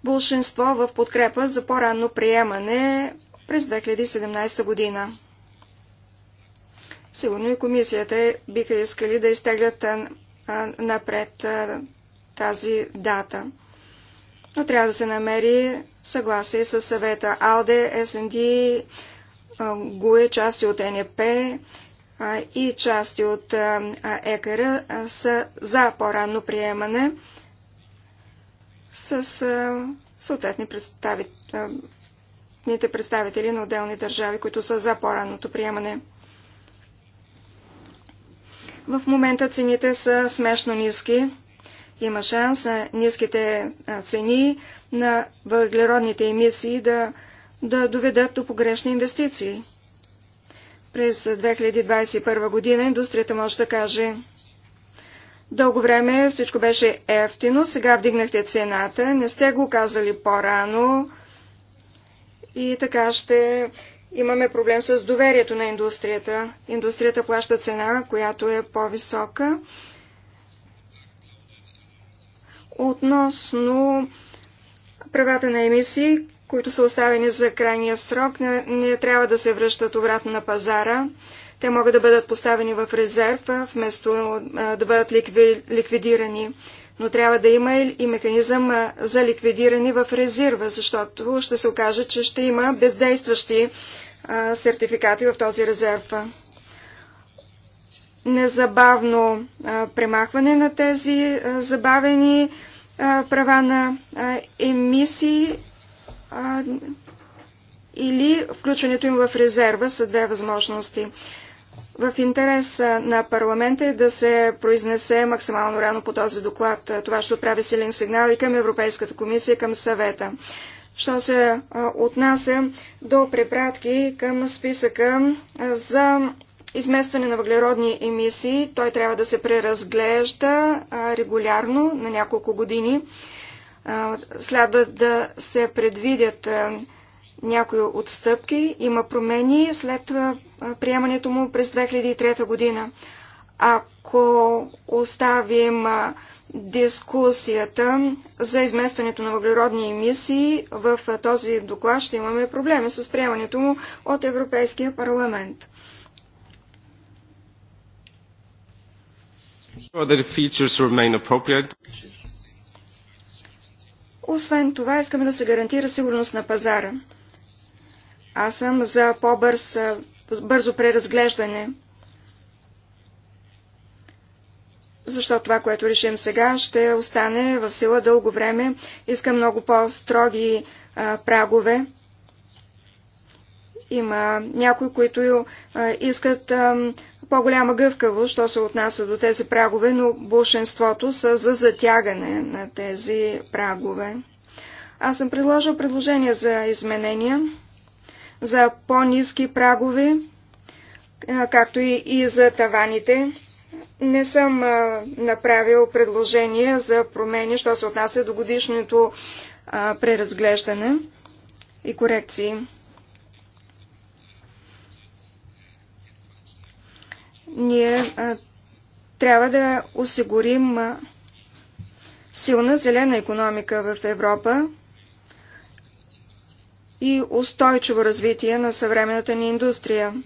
булшинство в подкрепа за по-ранно приемане през 2017 година. Сигурно и комисията биха искали да изтеглят напред тази дата. Но трябва да се намери съгласие с съвета АЛДЕ, СНД, ГУЕ, части от НЕП и части от ЕКР са за по-ранно приемане с съответни представителните представители на отделни държави, които са за по-ранното приемане. В момента цените са смешно ниски. Има шанс на ниските цени на въглеродните емисии да, да доведат до погрешни инвестиции. През 2021 година индустрията може да каже Дълго време всичко беше ефтино, сега вдигнахте цената, не сте го казали по-рано и така ще имаме проблем с доверието на индустрията. Индустрията плаща цена, която е по-висока. Относно правата на емисии, които са оставени за крайния срок, не, не трябва да се връщат обратно на пазара. Те могат да бъдат поставени в резерв, вместо да бъдат ликви, ликвидирани. Но трябва да има и механизъм за ликвидиране в резерва, защото ще се окаже, че ще има бездействащи сертификати в този резерв. Незабавно премахване на тези забавени права на емисии а, или включването им в резерва са две възможности. В интерес на парламента е да се произнесе максимално рано по този доклад. Това ще отправи силен сигнал и към Европейската комисия, и към съвета. Що се отнася до препратки към списъка за изместване на въглеродни емисии, той трябва да се преразглежда регулярно на няколко години следва да се предвидят някои отстъпки. Има промени след приемането му през 2003 година. Ако оставим дискусията за изместването на въглеродни емисии в този доклад, ще имаме проблеми с приемането му от Европейския парламент. the features remain appropriate. Освен това, искаме да се гарантира сигурност на пазара. Аз съм за по-бърз, бързо преразглеждане. Защото това, което решим сега, ще остане в сила дълго време. Искам много по-строги прагове. Има някои, които а, искат а, по-голяма гъвкавост, що се отнася до тези прагове, но большинството са за затягане на тези прагове. Аз съм предложил предложение за изменения, за по-низки прагове, както и, за таваните. Не съм направил предложение за промени, що се отнася до годишното преразглеждане и корекции. Ние трябва да осигурим силна зелена економика в Европа и устойчиво развитие на съвременната ни индустрия.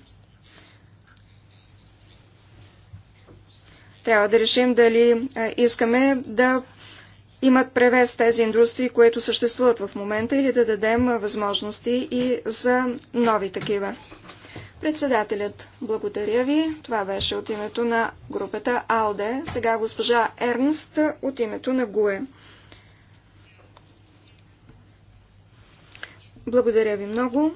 Трябва да решим дали искаме да имат превес тези индустрии, които съществуват в момента, или да дадем възможности и за нови такива. Председателят, благодаря ви. Това беше от името на групата АЛДЕ. Сега госпожа Ернст от името на ГУЕ. Благодаря ви много.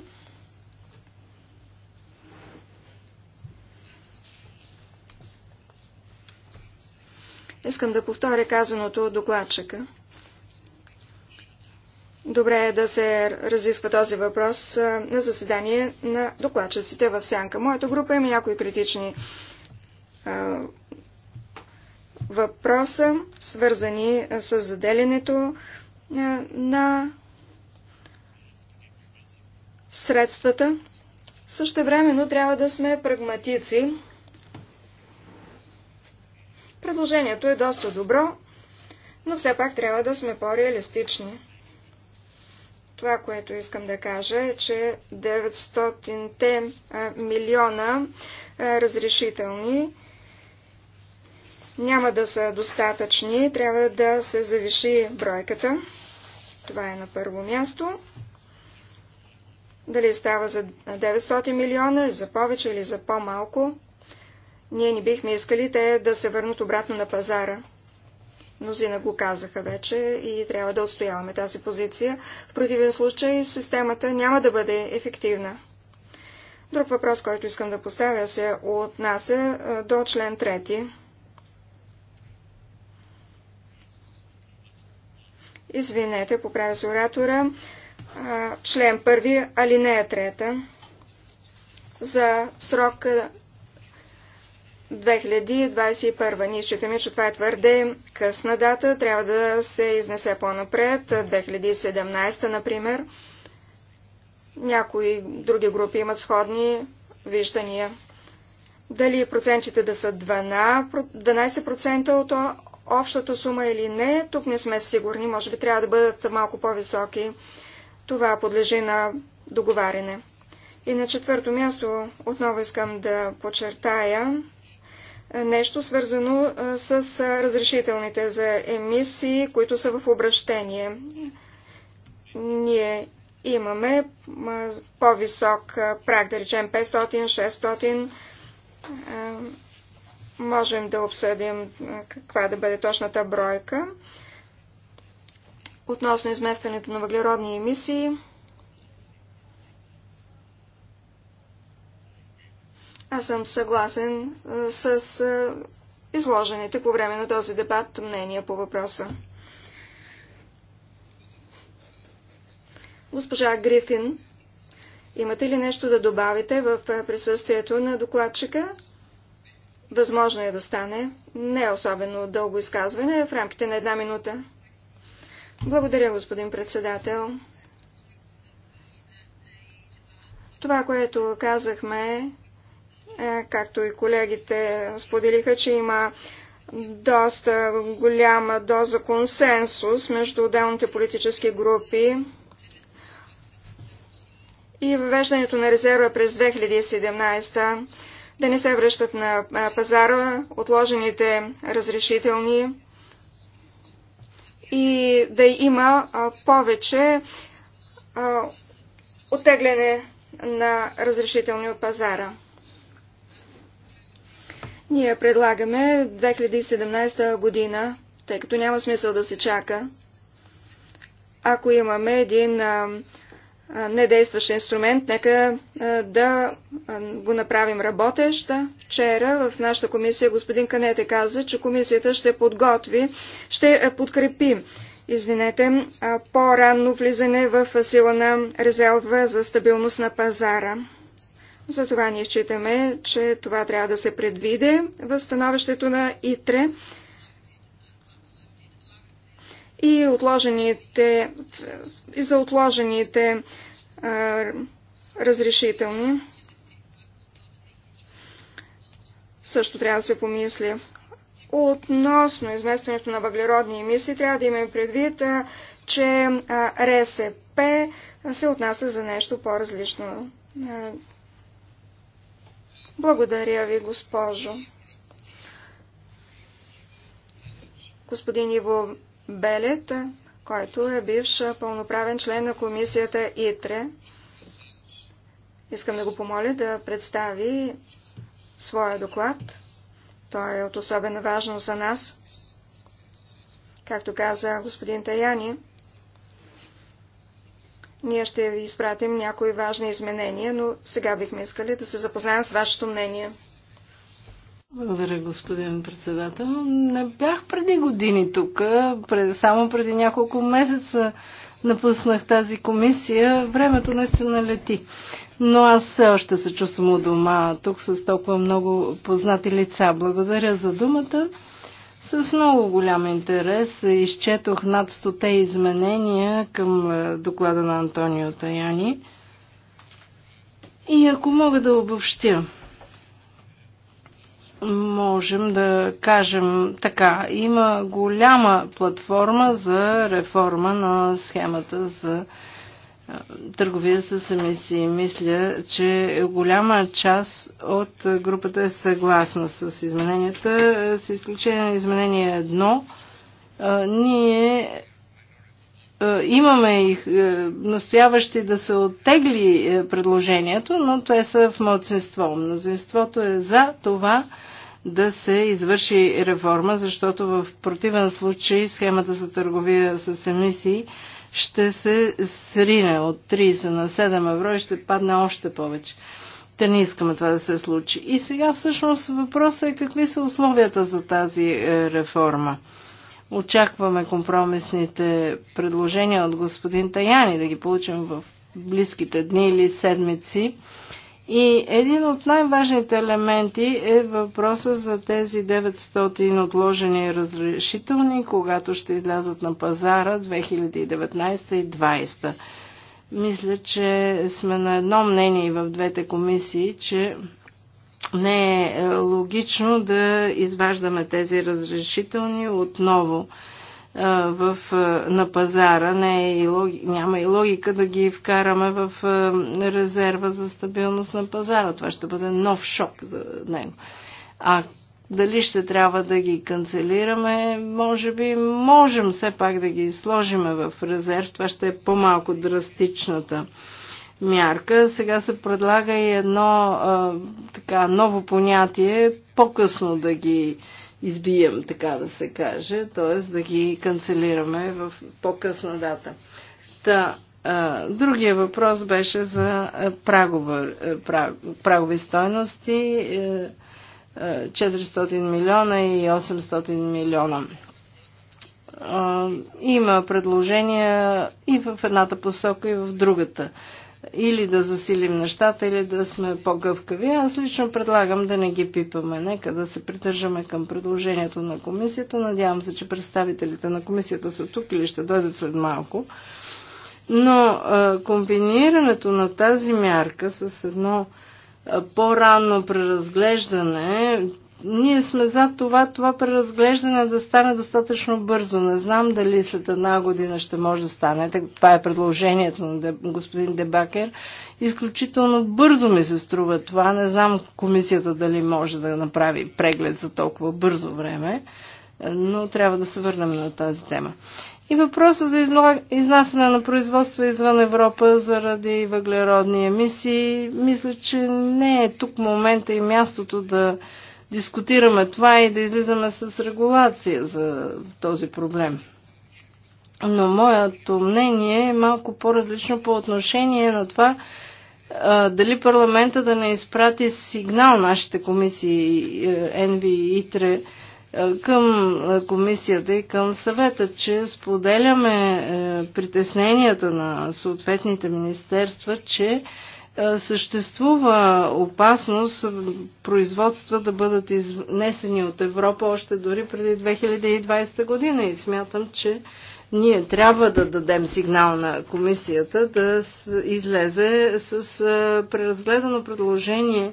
Искам да повторя казаното от докладчика. Добре е да се разисква този въпрос на заседание на докладчиците в Сянка. Моята група има някои критични въпроса, свързани с заделянето на средствата. Също времено трябва да сме прагматици. Предложението е доста добро, но все пак трябва да сме по-реалистични. Това, което искам да кажа е, че 900-те милиона разрешителни няма да са достатъчни, трябва да се завиши бройката. Това е на първо място. Дали става за 900 милиона, за повече, или за по-малко, ние не бихме искали те да се върнат обратно на пазара. Мнозина го казаха вече и трябва да отстояваме тази позиция. В противен случай системата няма да бъде ефективна. Друг въпрос, който искам да поставя, се отнася е, до член 3. Извинете, поправя се оратора. Член 1, алинея 3. За срока 2021. Ние считаме, че това е твърде късна дата. Трябва да се изнесе по-напред. 2017, например. Някои други групи имат сходни виждания. Дали процентите да са 12% от общата сума или не, тук не сме сигурни. Може би трябва да бъдат малко по-високи. Това подлежи на договаряне. И на четвърто място отново искам да подчертая, нещо свързано с разрешителните за емисии, които са в обращение. Ние имаме по-висок праг, да речем 500-600. Можем да обсъдим каква да бъде точната бройка. Относно изместването на въглеродни емисии, Аз съм съгласен с изложените по време на този дебат мнения по въпроса. Госпожа Грифин, имате ли нещо да добавите в присъствието на докладчика? Възможно е да стане. Не е особено дълго изказване, в рамките на една минута. Благодаря, господин председател. Това, което казахме е, както и колегите споделиха, че има доста голяма доза консенсус между отделните политически групи и въвеждането на резерва през 2017 да не се връщат на е, пазара отложените разрешителни и да има повече оттегляне на разрешителни от пазара. Ние предлагаме 2017 година, тъй като няма смисъл да се чака. Ако имаме един а, недействащ инструмент, нека да го направим работеща. Вчера в нашата комисия господин Канете каза, че комисията ще подготви, ще подкрепи извинете, по-ранно влизане в сила на резерва за стабилност на пазара. Затова ние считаме, че това трябва да се предвиде в становището на ИТРЕ и, отложените, и за отложените а, разрешителни. Също трябва да се помисли. Относно изместването на въглеродни емисии, трябва да имаме предвид, а, че а, РСП се отнася за нещо по-различно. Благодаря ви, госпожо. Господин Иво Белет, който е бивш пълноправен член на комисията ИТРЕ, искам да го помоля да представи своя доклад. Той е от особена важност за нас. Както каза господин Таяни, ние ще ви изпратим някои важни изменения, но сега бихме искали да се запознаем с вашето мнение. Благодаря, господин председател. Не бях преди години тук, пред, само преди няколко месеца напуснах тази комисия. Времето наистина лети. Но аз все още се чувствам у дома, тук с толкова много познати лица. Благодаря за думата. С много голям интерес изчетох над 100 изменения към е, доклада на Антонио Таяни. И ако мога да обобщя, можем да кажем така. Има голяма платформа за реформа на схемата за търговия с емисии. Мисля, че голяма част от групата е съгласна с измененията, с изключение на изменение едно. Ние имаме и настояващи да се оттегли предложението, но те са в младсинство. Мнозинството е за това да се извърши реформа, защото в противен случай схемата за търговия с емисии ще се срине от 30 на 7 евро и ще падне още повече. Те не искаме това да се случи. И сега всъщност въпросът е какви са условията за тази е, реформа. Очакваме компромисните предложения от господин Таяни да ги получим в близките дни или седмици. И един от най-важните елементи е въпроса за тези 900 отложени разрешителни, когато ще излязат на пазара 2019 и 2020. Мисля, че сме на едно мнение в двете комисии, че не е логично да изваждаме тези разрешителни отново в, на пазара. Не е и логи, няма и логика да ги вкараме в резерва за стабилност на пазара. Това ще бъде нов шок за него. А дали ще трябва да ги канцелираме, може би можем все пак да ги сложиме в резерв. Това ще е по-малко драстичната мярка. Сега се предлага и едно а, така ново понятие, по-късно да ги а, избием, така да се каже, т.е. да ги канцелираме в по-късна дата. Та, а, другия въпрос беше за прагова, праг, прагови стойности 400 е, е, милиона и 800 милиона има предложения и в едната посока, и в другата или да засилим нещата, или да сме по-гъвкави. Аз лично предлагам да не ги пипаме. Нека да се придържаме към предложението на комисията. Надявам се, че представителите на комисията са тук или ще дойдат след малко. Но а, комбинирането на тази мярка с едно по-ранно преразглеждане, ние сме за това, това преразглеждане да стане достатъчно бързо. Не знам дали след една година ще може да стане. Това е предложението на господин Дебакер. Изключително бързо ми се струва това. Не знам комисията дали може да направи преглед за толкова бързо време, но трябва да се върнем на тази тема. И въпроса за изнасяне на производство извън Европа заради въглеродни емисии, мисля, че не е тук момента и мястото да дискутираме това и да излизаме с регулация за този проблем. Но моето мнение е малко по-различно по отношение на това, дали парламента да не изпрати сигнал нашите комисии е, НВ и ИТРЕ е, към комисията и към съвета, че споделяме е, притесненията на съответните министерства, че е, съществува опасност производства да бъдат изнесени от Европа още дори преди 2020 година и смятам, че ние трябва да дадем сигнал на комисията да излезе с е, преразгледано предложение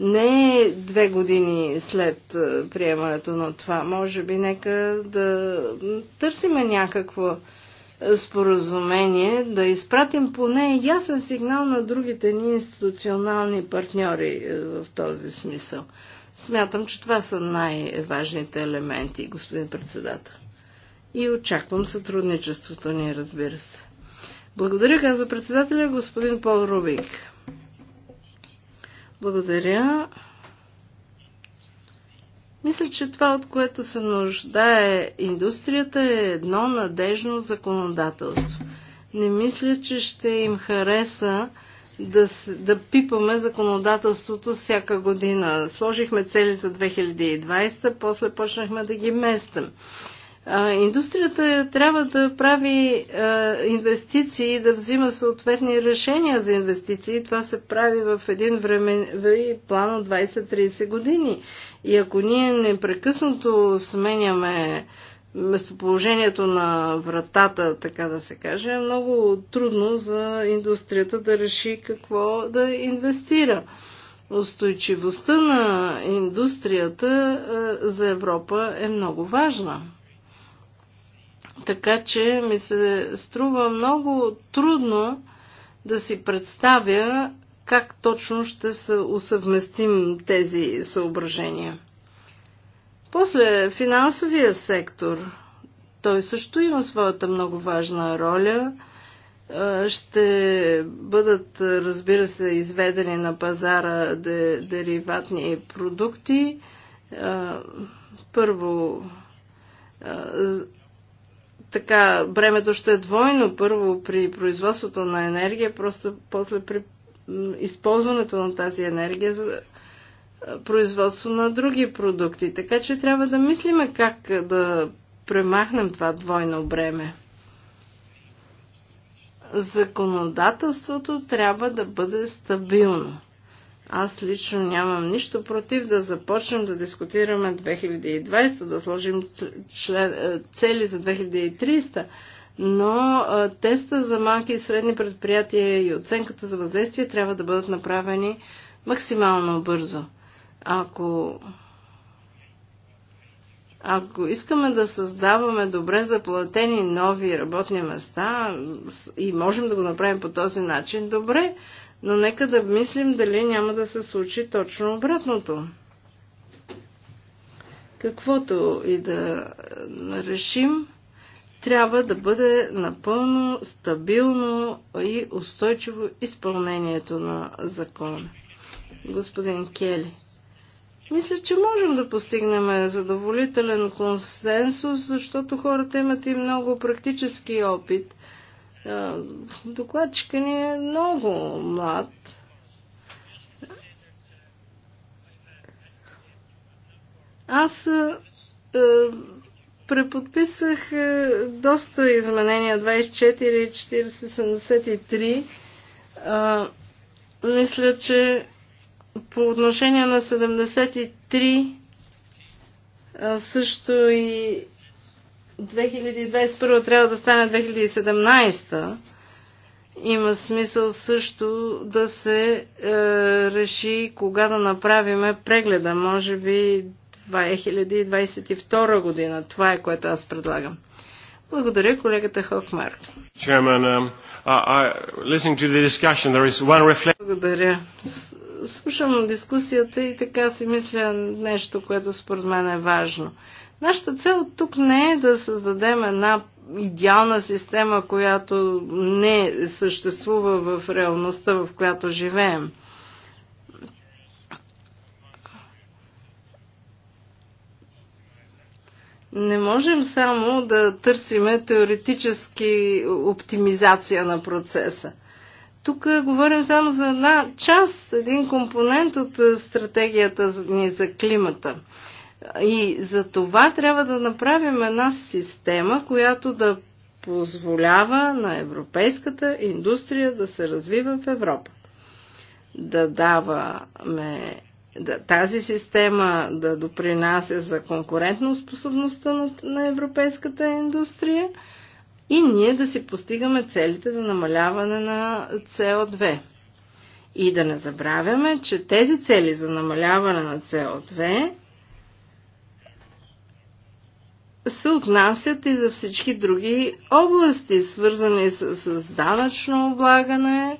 не две години след е, приемането на това. Може би нека да търсиме някаква споразумение, да изпратим поне ясен сигнал на другите ни институционални партньори е, в този смисъл. Смятам, че това са най-важните елементи, господин председател. И очаквам сътрудничеството ни, разбира се. Благодаря, казва председателя господин Пол Рубик. Благодаря. Мисля, че това, от което се нуждае индустрията, е едно надежно законодателство. Не мисля, че ще им хареса да, да пипаме законодателството всяка година. Сложихме цели за 2020, после почнахме да ги местим. Индустрията трябва да прави инвестиции, да взима съответни решения за инвестиции. Това се прави в един времеви план от 20-30 години. И ако ние непрекъснато сменяме местоположението на вратата, така да се каже, е много трудно за индустрията да реши какво да инвестира. Устойчивостта на индустрията е, за Европа е много важна. Така че ми се струва много трудно да си представя как точно ще се усъвместим тези съображения. После финансовия сектор, той също има своята много важна роля. Ще бъдат, разбира се, изведени на пазара дериватни продукти. Първо, така, бремето ще е двойно. Първо при производството на енергия, просто после при използването на тази енергия за производство на други продукти. Така че трябва да мислиме как да премахнем това двойно бреме. Законодателството трябва да бъде стабилно. Аз лично нямам нищо против да започнем да дискутираме 2020, да сложим цели за 2300, но теста за малки и средни предприятия и оценката за въздействие трябва да бъдат направени максимално бързо. Ако, ако искаме да създаваме добре заплатени нови работни места и можем да го направим по този начин, добре, но нека да мислим дали няма да се случи точно обратното. Каквото и да решим, трябва да бъде напълно стабилно и устойчиво изпълнението на закона. Господин Кели. Мисля, че можем да постигнем задоволителен консенсус, защото хората имат и много практически опит. Докладчика ни е много млад. Аз преподписах е, доста изменения 24, 40, 73. мисля, че по отношение на 73 също и 2021 трябва да стане 2017. Има смисъл също да се е, реши кога да направиме прегледа. Може би 2022 година. Това е което аз предлагам. Благодаря, колегата Хокмар. Um, Благодаря. Слушам дискусията и така си мисля нещо, което според мен е важно. Нашата цел тук не е да създадем една идеална система, която не съществува в реалността, в която живеем. Не можем само да търсиме теоретически оптимизация на процеса. Тук говорим само за една част, един компонент от е, стратегията ни за климата. И за това трябва да направим една система, която да позволява на европейската индустрия да се развива в Европа. Да даваме да, тази система да допринася за на, на европейската индустрия и ние да си постигаме целите за намаляване на CO2. И да не забравяме, че тези цели за намаляване на CO2 се отнасят и за всички други области, свързани с, с данъчно облагане,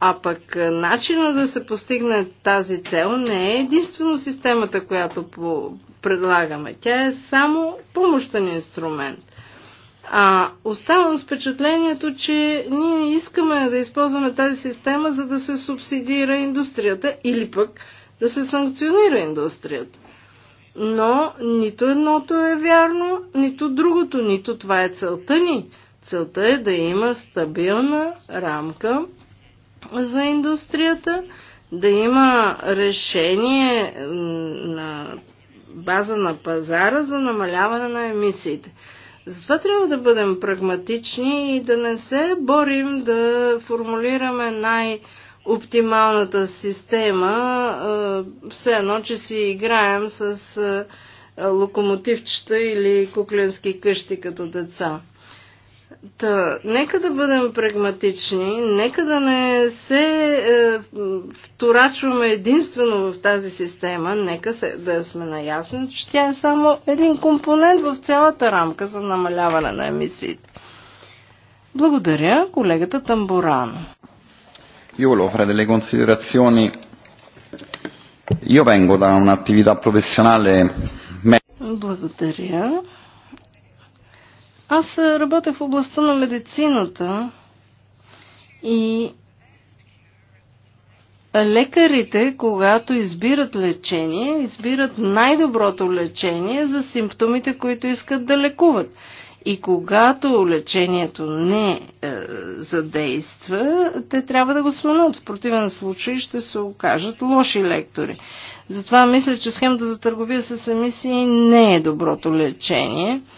а пък е, начина да се постигне тази цел не е единствено системата, която предлагаме. Тя е само помощен инструмент. А оставам с впечатлението, че ние искаме да използваме тази система, за да се субсидира индустрията или пък да се санкционира индустрията. Но нито едното е вярно, нито другото, нито това е целта ни. Целта е да има стабилна рамка, за индустрията, да има решение на база на пазара за намаляване на емисиите. Затова трябва да бъдем прагматични и да не се борим да формулираме най- оптималната система, все едно, че си играем с локомотивчета или кукленски къщи като деца. Та, нека да бъдем прагматични, нека да не се е, вторачваме единствено в тази система, нека се, да сме наясни, че тя е само един компонент в цялата рамка за намаляване на емисиите. Благодаря, колегата Тамбуран. Io volevo fare delle considerazioni. Io vengo da un'attività professionale. Благодаря. Аз е, работя в областта на медицината и лекарите, когато избират лечение, избират най-доброто лечение за симптомите, които искат да лекуват. И когато лечението не е, задейства, те трябва да го сменят. В противен случай ще се окажат лоши лектори. Затова мисля, че схемата за търговия с емисии не е доброто лечение –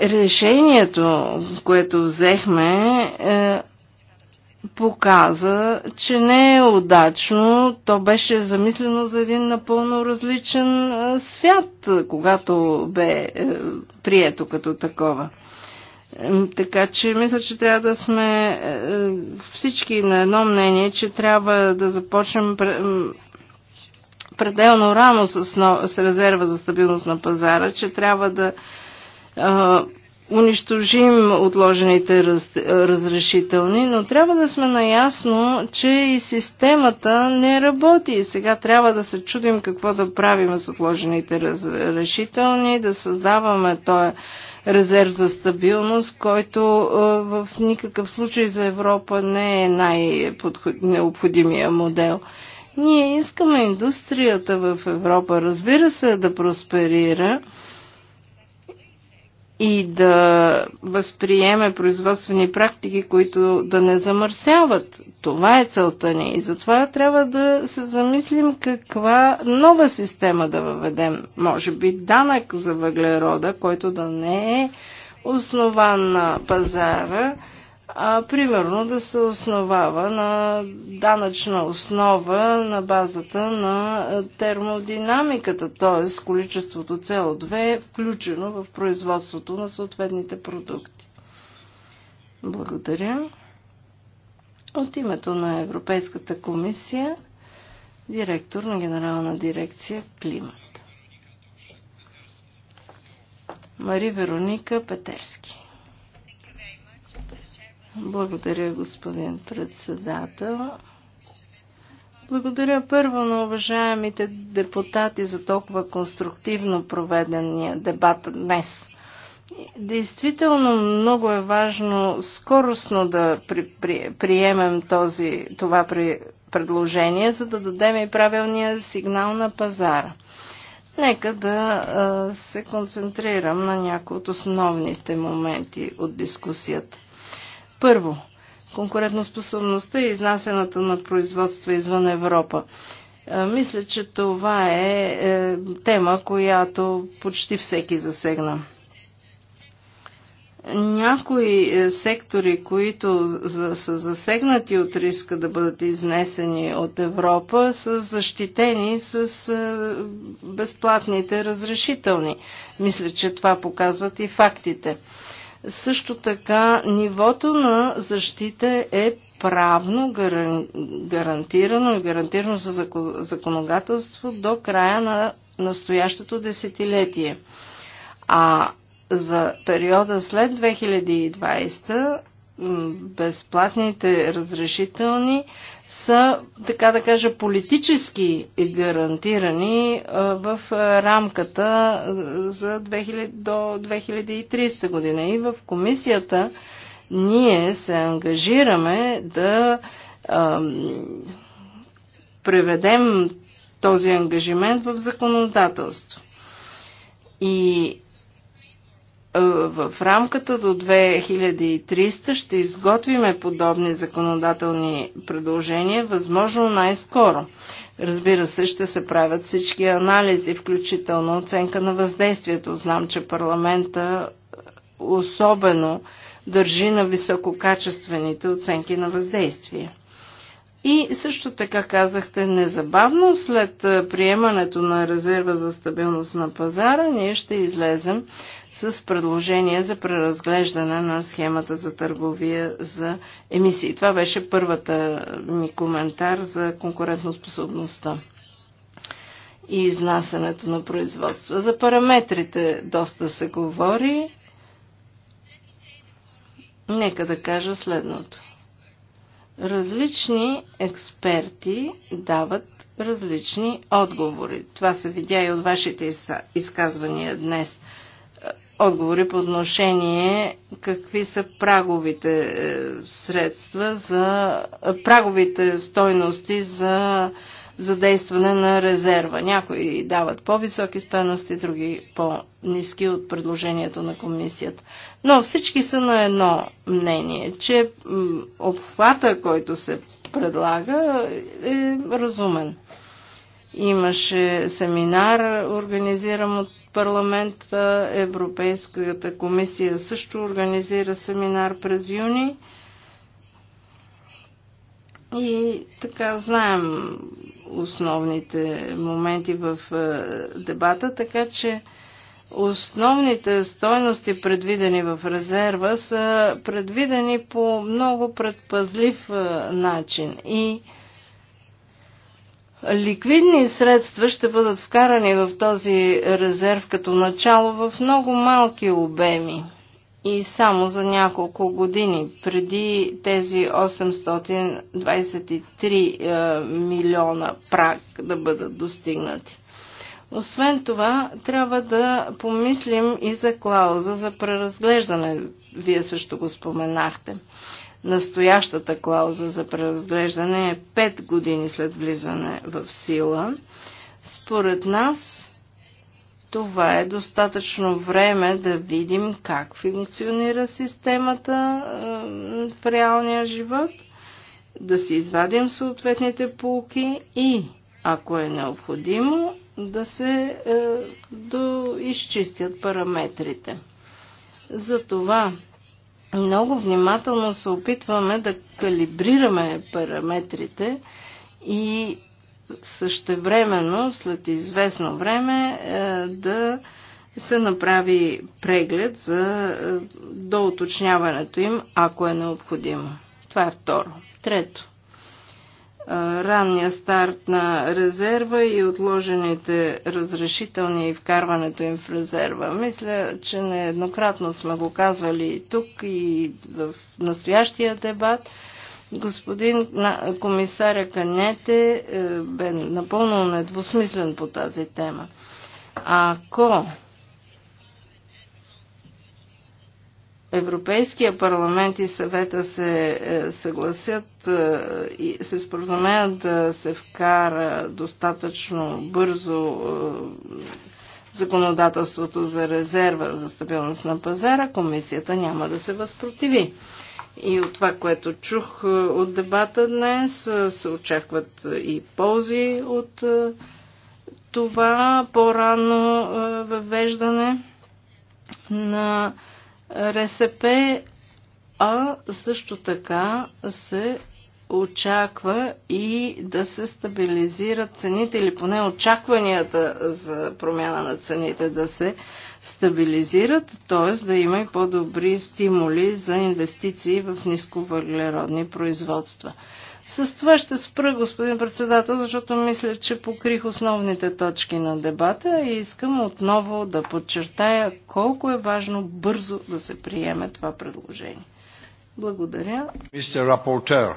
решението, което взехме, е, показа, че не е удачно. То беше замислено за един напълно различен е, свят, когато бе е, прието като такова. Така че мисля, че трябва да сме е, всички на едно мнение, че трябва да започнем пределно рано с, с резерва за стабилност на пазара, че трябва да унищожим отложените раз, разрешителни, но трябва да сме наясно, че и системата не работи. сега трябва да се чудим какво да правим с отложените разрешителни, да създаваме този резерв за стабилност, който в никакъв случай за Европа не е най-необходимия модел. Ние искаме индустрията в Европа, разбира се, да просперира, и да възприеме производствени практики, които да не замърсяват. Това е целта ни и затова трябва да се замислим каква нова система да въведем. Може би данък за въглерода, който да не е основан на пазара, а, примерно да се основава на данъчна основа на базата на е, термодинамиката, т.е. количеството CO2 е включено в производството на съответните продукти. Благодаря. От името на Европейската комисия, директор на Генерална дирекция Климат. Мари Вероника Петерски. Благодаря, господин председател. Благодаря първо на уважаемите депутати за толкова конструктивно проведения дебат днес. Действително много е важно скоростно да при, при, приемем този, това при, предложение, за да дадем и правилния сигнал на пазара. Нека да а, се концентрирам на някои от основните моменти от дискусията. Първо, конкурентоспособността и изнасената на производства извън Европа. Е, мисля, че това е, е тема, която почти всеки засегна. Някои е, сектори, които са засегнати от риска да бъдат изнесени от Европа, са защитени с безплатните разрешителни. Мисля, че това показват и фактите. Също така нивото на защита е правно гарантирано и гарантирано за законодателство до края на настоящото десетилетие. А за периода след 2020 безплатните разрешителни са, така да кажа, политически гарантирани в рамката за 2000, до 2030 година. И в комисията ние се ангажираме да а, преведем този ангажимент в законодателство. И е, в рамката до 2300 ще изготвиме подобни законодателни предложения, възможно най-скоро. Разбира се, ще се правят всички анализи, включително оценка на въздействието. Знам, че парламента е, особено държи на висококачествените оценки на въздействие. И също така казахте, незабавно след приемането на резерва за стабилност на пазара, ние ще излезем с предложение за преразглеждане на схемата за търговия за емисии. Това беше първата ми коментар за конкурентоспособността и изнасянето на производства. За параметрите доста се говори. Нека да кажа следното. Различни експерти дават различни отговори. Това се видя и от вашите изказвания днес. Е, отговори по отношение какви са праговите е, средства за праговите стойности за задействане на резерва. Някои дават по-високи стоености, други по-низки от предложението на комисията. Но всички са на едно мнение, че обхвата, който се предлага, е разумен. Имаше семинар, организиран от парламента, Европейската комисия също организира семинар през юни. И така знаем основните моменти в е, дебата, така че основните стойности предвидени в резерва са предвидени по много предпазлив е, начин и ликвидни средства ще бъдат вкарани в този резерв като начало в много малки обеми и само за няколко години преди тези 823 е, милиона прак да бъдат достигнати. Освен това, трябва да помислим и за клауза за преразглеждане. Вие също го споменахте. Настоящата клауза за преразглеждане е 5 години след влизане в сила. Според нас това е достатъчно време да видим как функционира системата в реалния живот, да си извадим съответните полки и, ако е необходимо, да се е, да изчистят параметрите. Затова много внимателно се опитваме да калибрираме параметрите и същевременно, след известно време, е, да се направи преглед за е, доуточняването им, ако е необходимо. Това е второ. Трето. Е, Ранния старт на резерва и отложените разрешителни и вкарването им в резерва. Мисля, че нееднократно сме го казвали и тук, и в настоящия дебат – Господин комисаря Канете е, бе напълно недвусмислен по тази тема. Ако Европейския парламент и съвета се е, съгласят е, и се споразумеят да се вкара достатъчно бързо законодателството за резерва за стабилност на пазара, комисията няма да се възпротиви. И от това, което чух е, от дебата днес, е, се очакват е, и ползи от това по-рано въвеждане на РСП, а също така се очаква и да се стабилизират цените или поне очакванията за промяна на цените да се стабилизират, т.е. да има и по-добри стимули за инвестиции в нисковъглеродни производства. С това ще спра, господин председател, защото мисля, че покрих основните точки на дебата и искам отново да подчертая колко е важно бързо да се приеме това предложение. Благодаря. Мистер Рапортер.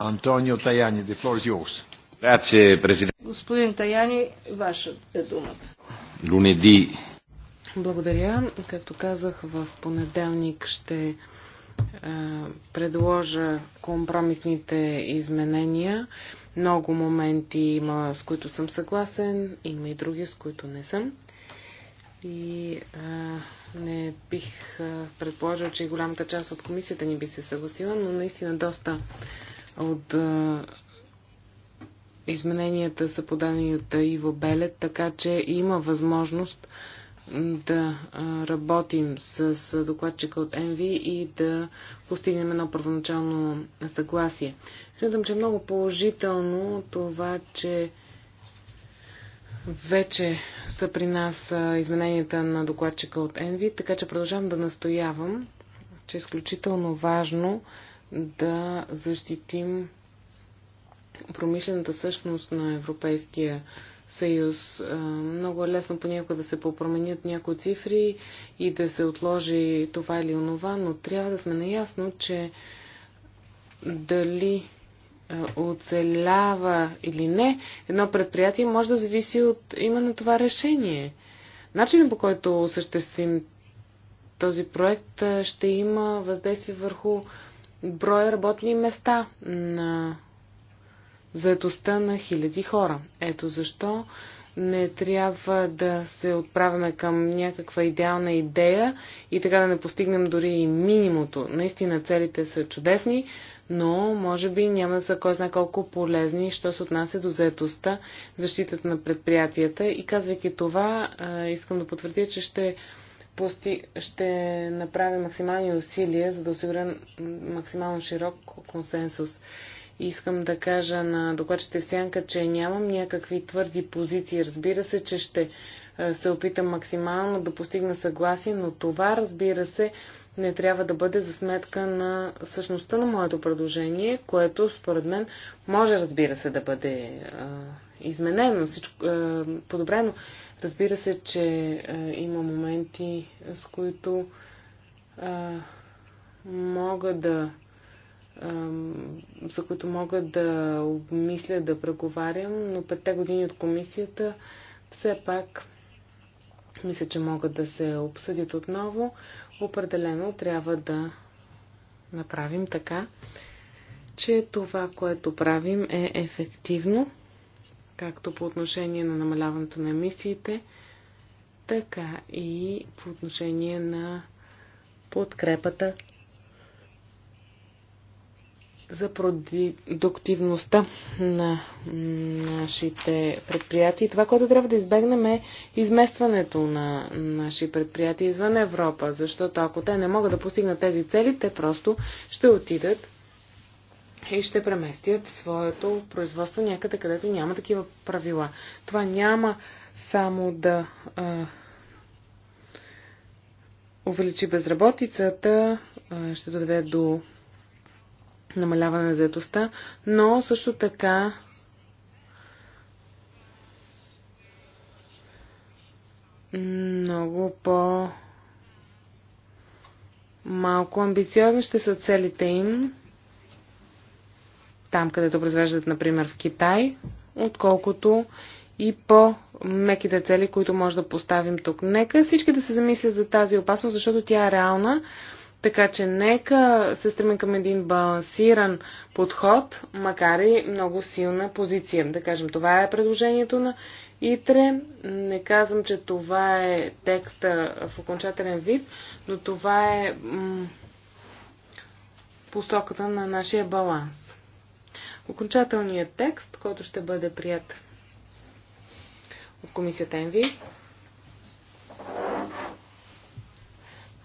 Антонио Таяни, the floor is yours. Grazie, Presidente. Господин Таяни, ваша е думата. Лунеди. Благодаря. Както казах, в понеделник ще е, предложа компромисните изменения. Много моменти има, с които съм съгласен, има и други, с които не съм. И е, не бих е, предположил, че и голямата част от комисията ни би се съгласила, но наистина доста от а, измененията са подадени от Иво Белет, така че има възможност да работим с докладчика от Енви и да постигнем едно първоначално съгласие. Смятам, че е много положително това, че вече са при нас измененията на докладчика от Енви, така че продължавам да настоявам, че е изключително важно да защитим промишлената същност на Европейския съюз. Много е лесно понякога да се попроменят някои цифри и да се отложи това или онова, но трябва да сме наясно, че дали оцелява или не, едно предприятие може да зависи от именно това решение. Начинът по който осъществим този проект ще има въздействие върху броя работни места на заедостта на хиляди хора. Ето защо не трябва да се отправяме към някаква идеална идея и така да не постигнем дори и минимото. Наистина целите са чудесни, но може би няма да са кой знае колко полезни, що се отнася до заетостта, защитата на предприятията. И казвайки това, искам да потвърдя, че ще пости... ще направя максимални усилия, за да осигуря максимално широк консенсус. И искам да кажа на докладчите в сянка, че нямам някакви твърди позиции. Разбира се, че ще се опитам максимално да постигна съгласие, но това, разбира се, не трябва да бъде за сметка на същността на моето предложение, което според мен може, разбира се, да бъде изменено, всичко, подобрено. Разбира се, че има моменти, с които мога да за които мога да обмисля, да преговарям, но петте години от комисията все пак мисля, че могат да се обсъдят отново определено трябва да направим така, че това, което правим е ефективно, както по отношение на намаляването на емисиите, така и по отношение на подкрепата за продуктивността на нашите предприятия. това, което трябва да избегнем е изместването на наши предприятия извън Европа, защото ако те не могат да постигнат тези цели, те просто ще отидат и ще преместят своето производство някъде, където няма такива правила. Това няма само да а, увеличи безработицата, а, ще доведе до намаляване на заедостта, но също така много по малко амбициозни ще са целите им там, където произвеждат, например, в Китай, отколкото и по-меките цели, които може да поставим тук. Нека всички да се замислят за тази опасност, защото тя е реална така че нека се стремим към един балансиран подход, макар и много силна позиция. Да кажем, това е предложението на ИТРЕ. Не казвам, че това е текста в окончателен вид, но това е посоката на нашия баланс. Окончателният текст, който ще бъде прият от комисията ЕНВИ,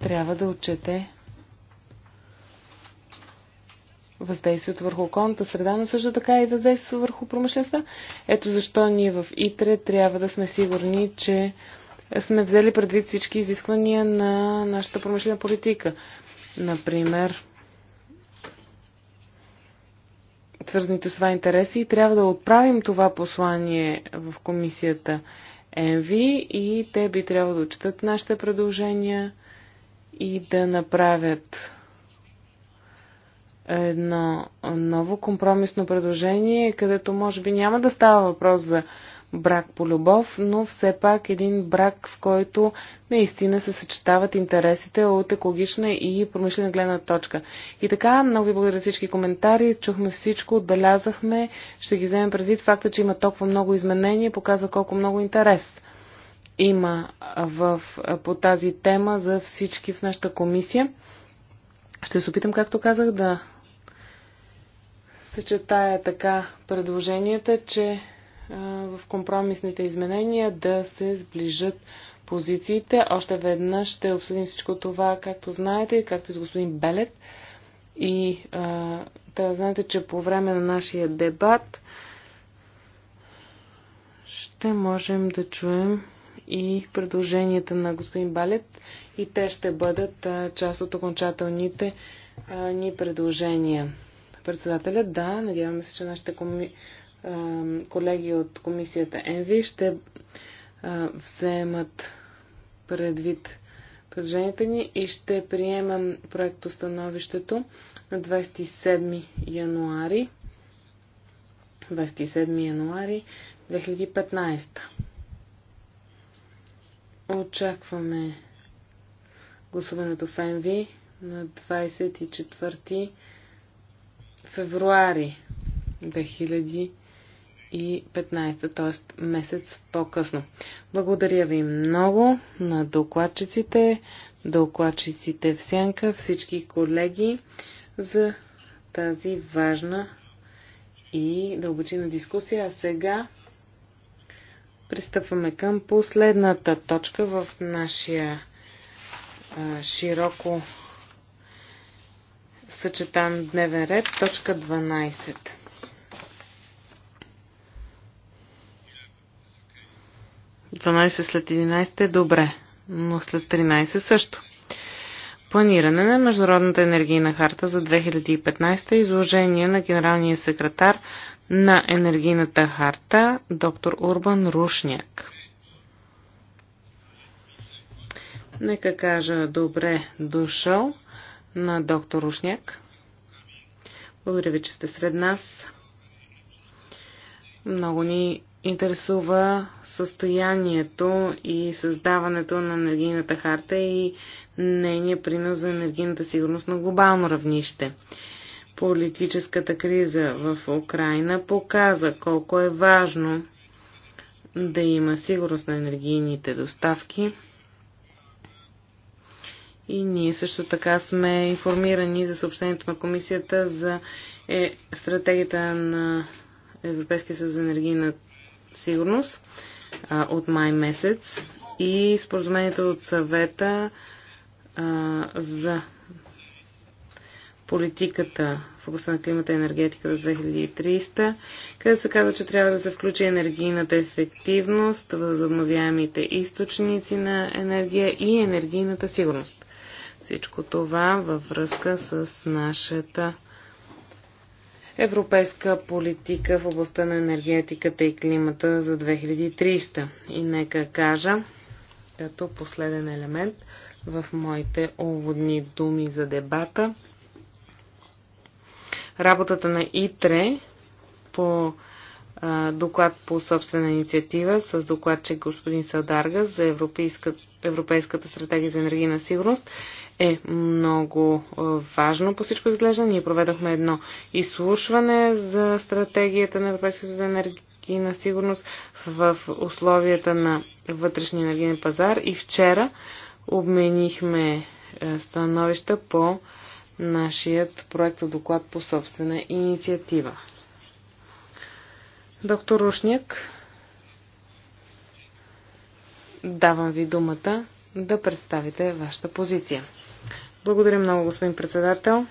трябва да отчете въздействието върху околната среда, но също така и въздействието върху промишлеността. Ето защо ние в ИТРЕ трябва да сме сигурни, че сме взели предвид всички изисквания на нашата промишлена политика. Например, свързаните с това интереси и трябва да отправим това послание в комисията МВ и те би трябвало да отчитат нашите предложения и да направят едно ново компромисно предложение, където може би няма да става въпрос за брак по любов, но все пак един брак, в който наистина се съчетават интересите от екологична и промишлена гледна точка. И така, много ви благодаря всички коментари, чухме всичко, отбелязахме, ще ги вземем предвид. Факта, че има толкова много изменения, показва колко много интерес има в, по тази тема за всички в нашата комисия. Ще се опитам, както казах, да съчетая така предложенията, че а, в компромисните изменения да се сближат позициите. Още веднъж ще обсъдим всичко това, както знаете, както и с господин Белет. И а, да знаете, че по време на нашия дебат ще можем да чуем и предложенията на господин Балет и те ще бъдат а, част от окончателните а, ни предложения председателя. Да, надяваме се, че нашите коми... колеги от комисията ЕНВИ ще вземат предвид предложенията ни и ще приемам проектостановището на 27 януари 27 януари 2015. Очакваме гласуването в МВ на 24 февруари 2015, т.е. месец по-късно. Благодаря ви много на докладчиците, докладчиците в сянка, всички колеги за тази важна и дълбочина дискусия. А сега пристъпваме към последната точка в нашия широко съчетан дневен ред, точка 12. Дванайсет след 11 е добре, но след 13 също. Планиране на Международната енергийна харта за 2015 изложение на генералния секретар на енергийната харта доктор Урбан Рушняк. Нека кажа добре дошъл на доктор Рушняк. Благодаря ви, че сте сред нас. Много ни интересува състоянието и създаването на енергийната харта и нейния принос за енергийната сигурност на глобално равнище. Политическата криза в Украина показа колко е важно да има сигурност на енергийните доставки и ние също така сме информирани за съобщението на комисията за е, стратегията на Европейския съюз за енергийна сигурност а, от май месец и споразумението от съвета а, за политиката в областта на климата и енергетиката за 2300, където се казва, че трябва да се включи енергийната ефективност, възобновяемите източници на енергия и енергийната сигурност. Всичко това във връзка с нашата европейска политика в областта на енергетиката и климата за 2300. И нека кажа, като последен елемент в моите уводни думи за дебата, работата на ИТРЕ по а, доклад по собствена инициатива с докладчик господин Садарга за Европейска, Европейската стратегия за енергийна сигурност е много важно по всичко изглежда. Ние проведохме едно изслушване за стратегията на Европейското за енергийна сигурност в условията на вътрешния енергиен пазар и вчера обменихме е, становища по нашият проект доклад по собствена инициатива. Доктор Рушняк, давам ви думата да представите вашата позиция. Благодаря много, господин председател.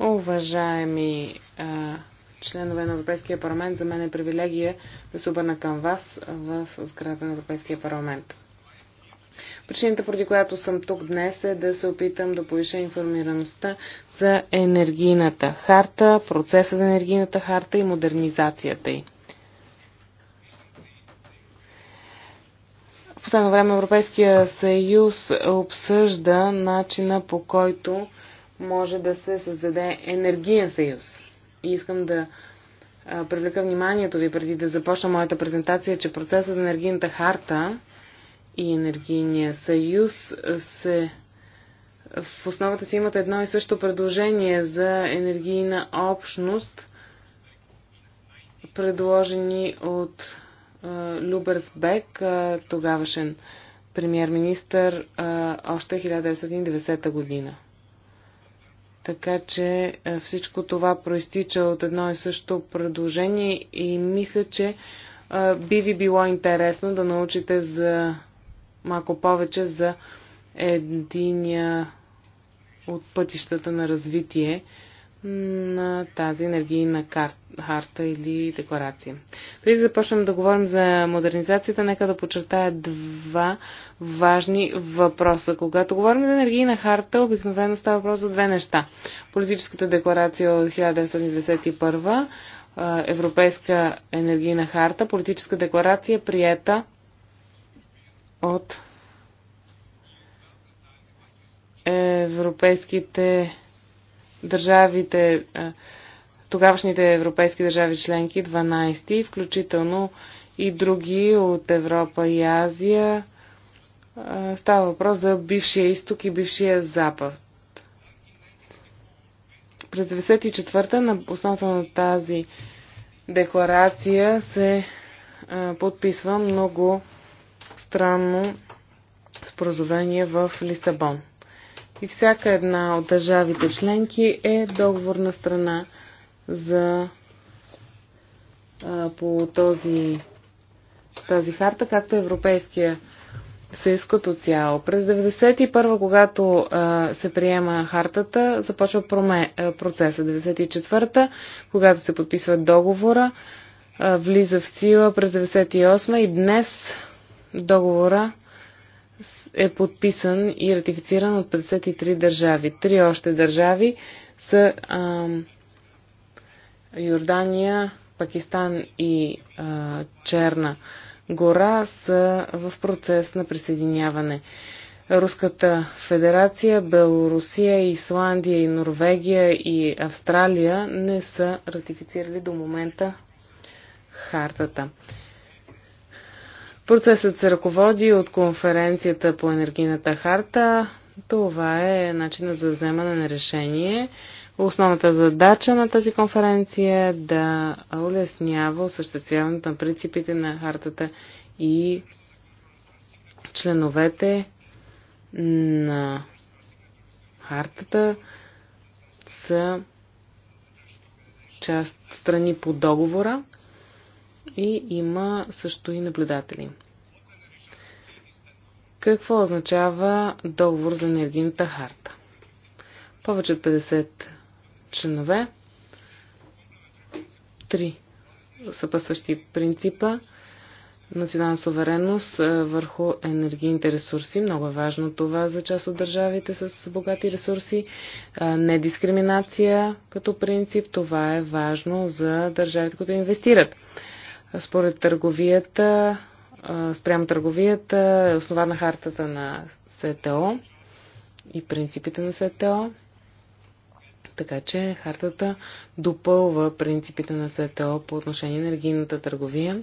Уважаеми а, членове на Европейския парламент, за мен е привилегия да се обърна към вас в сграда на Европейския парламент. Причината, поради която съм тук днес е да се опитам да повиша информираността за енергийната харта, процеса за енергийната харта и модернизацията й. последно време Европейския съюз обсъжда начина по който може да се създаде енергиен съюз. И искам да привлека вниманието ви преди да започна моята презентация, че процесът за енергийната харта и енергийния съюз се в основата си имат едно и също предложение за енергийна общност, предложени от Бек, тогавашен премьер-министър, още 1990 година. Така че всичко това проистича от едно и също предложение и мисля, че би ви било интересно да научите за малко повече за единия от пътищата на развитие на тази енергийна харта или декларация. Преди да започнем да говорим за модернизацията, нека да подчертая два важни въпроса. Когато говорим за енергийна харта, обикновено става въпрос за две неща. Политическата декларация от 1991, Европейска енергийна харта, политическа декларация, приета от европейските държавите, тогавашните европейски държави членки, 12, включително и други от Европа и Азия. Става въпрос за бившия изток и бившия запад. През 94 та на основата на тази декларация се подписва много странно споразумение в Лисабон. И всяка една от държавите членки е договорна страна за а, по този, тази харта, както Европейския съюз като цяло. През 1991, когато а, се приема хартата, започва проме, а, процеса. 1994, когато се подписва договора, а, влиза в сила през 1998 и днес договора е подписан и ратифициран от 53 държави. Три още държави са а, Йордания, Пакистан и а, Черна гора са в процес на присъединяване. Руската федерация, Белорусия, Исландия и Норвегия и Австралия не са ратифицирали до момента хартата. Процесът се ръководи от конференцията по енергийната харта. Това е начина за вземане на решение. Основната задача на тази конференция е да улеснява осъществяването на принципите на хартата и членовете на хартата са част страни по договора и има също и наблюдатели. Какво означава договор за енергийната харта? Повече от 50 членове, 3 съпъсващи принципа, национална суверенност е, върху енергийните ресурси. Много е важно това за част от държавите с богати ресурси. Е, Недискриминация като принцип, това е важно за държавите, които инвестират според търговията, спрямо търговията е основана хартата на СТО и принципите на СТО. Така че хартата допълва принципите на СТО по отношение на енергийната търговия.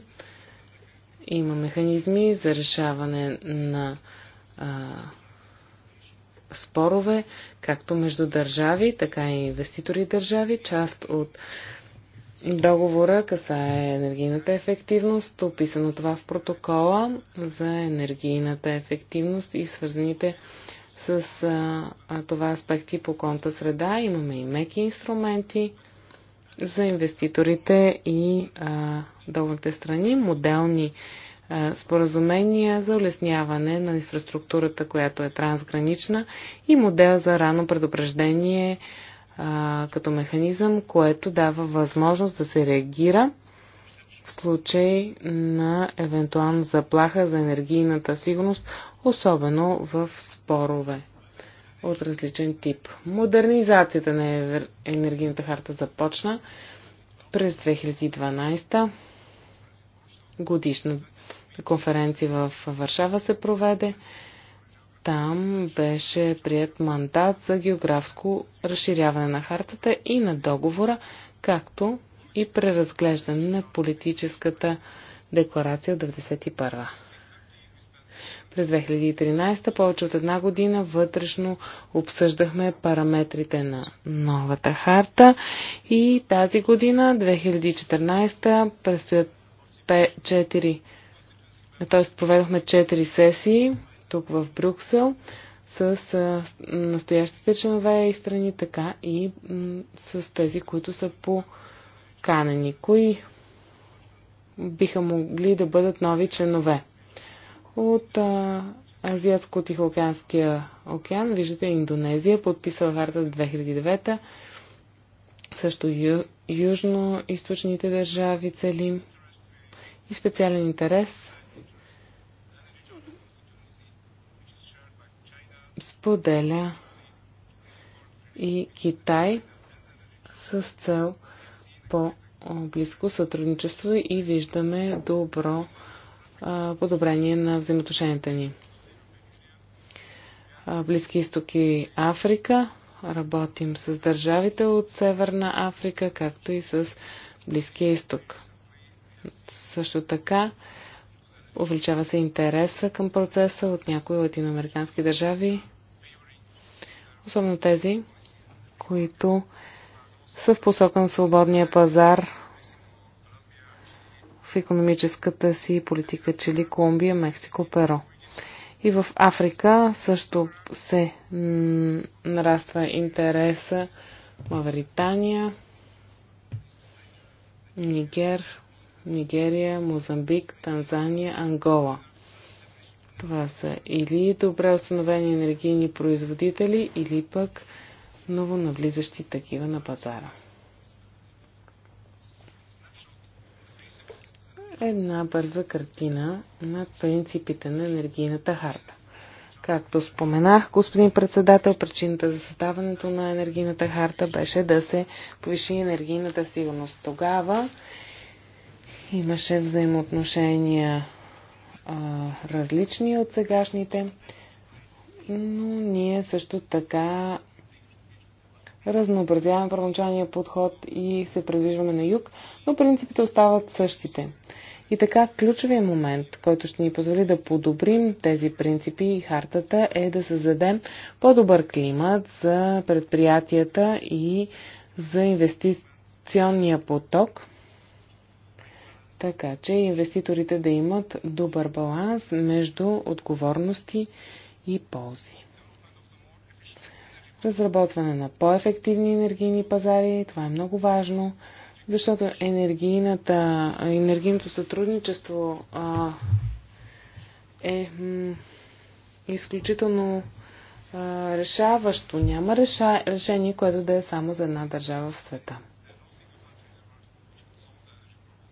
Има механизми за решаване на а, спорове, както между държави, така и инвеститори държави. Част от Договора касае енергийната ефективност, описано това в протокола за енергийната ефективност и свързаните с а, това аспекти по конта среда. Имаме и меки инструменти за инвеститорите и а, долните страни, моделни а, споразумения за улесняване на инфраструктурата, която е трансгранична и модел за рано предупреждение а, като механизъм, което дава възможност да се реагира в случай на евентуална заплаха за енергийната сигурност, особено в спорове от различен тип. Модернизацията на енергийната харта започна през 2012 годишна конференция в Варшава се проведе. Там беше прият мандат за географско разширяване на хартата и на договора, както и преразглеждане на политическата декларация от 1991. През 2013, повече от една година, вътрешно обсъждахме параметрите на новата харта и тази година, 2014, предстоят 4, т.е. проведохме 4 сесии тук в Брюксел с настоящите членове и страни, така и с тези, които са поканени. Кои биха могли да бъдат нови членове? От Азиатско-Тихоокеанския океан, виждате Индонезия, подписала харта 2009 също ю, южно-источните държави целим и специален интерес споделя и Китай с цел по-близко сътрудничество и виждаме добро подобрение на взаимоотношенията ни. Близки изток и Африка. Работим с държавите от Северна Африка, както и с Близкия изток. Също така Увеличава се интереса към процеса от някои латиноамерикански държави, особено тези, които са в посока на свободния пазар в економическата си политика Чили, Колумбия, Мексико, Перо. И в Африка също се нараства интереса Мавритания, Нигер, Нигерия, Мозамбик, Танзания, Ангола. Това са или добре установени енергийни производители, или пък новонавлизащи такива на пазара. Една бърза картина на принципите на енергийната харта. Както споменах, господин председател, причината за създаването на енергийната харта беше да се повиши енергийната сигурност. Тогава Имаше взаимоотношения а, различни от сегашните, но ние също така разнообразяваме първоначалния подход и се предвижваме на юг, но принципите остават същите. И така ключовият момент, който ще ни позволи да подобрим тези принципи и хартата е да създадем по-добър климат за предприятията и за инвестиционния поток – така че инвеститорите да имат добър баланс между отговорности и ползи. Разработване на по-ефективни енергийни пазари, това е много важно, защото енергийната, енергийното сътрудничество а, е м, изключително а, решаващо. Няма реша, решение, което да е само за една държава в света.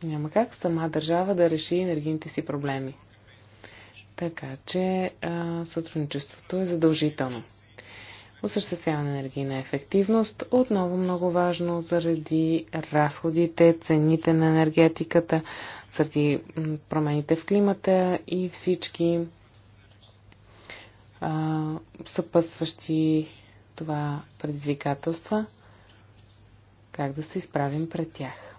Няма как сама държава да реши енергийните си проблеми. Така че а, сътрудничеството е задължително. Осъществяване на енергийна ефективност отново много важно заради разходите, цените на енергетиката, заради промените в климата и всички а, съпътстващи това предизвикателства, как да се изправим пред тях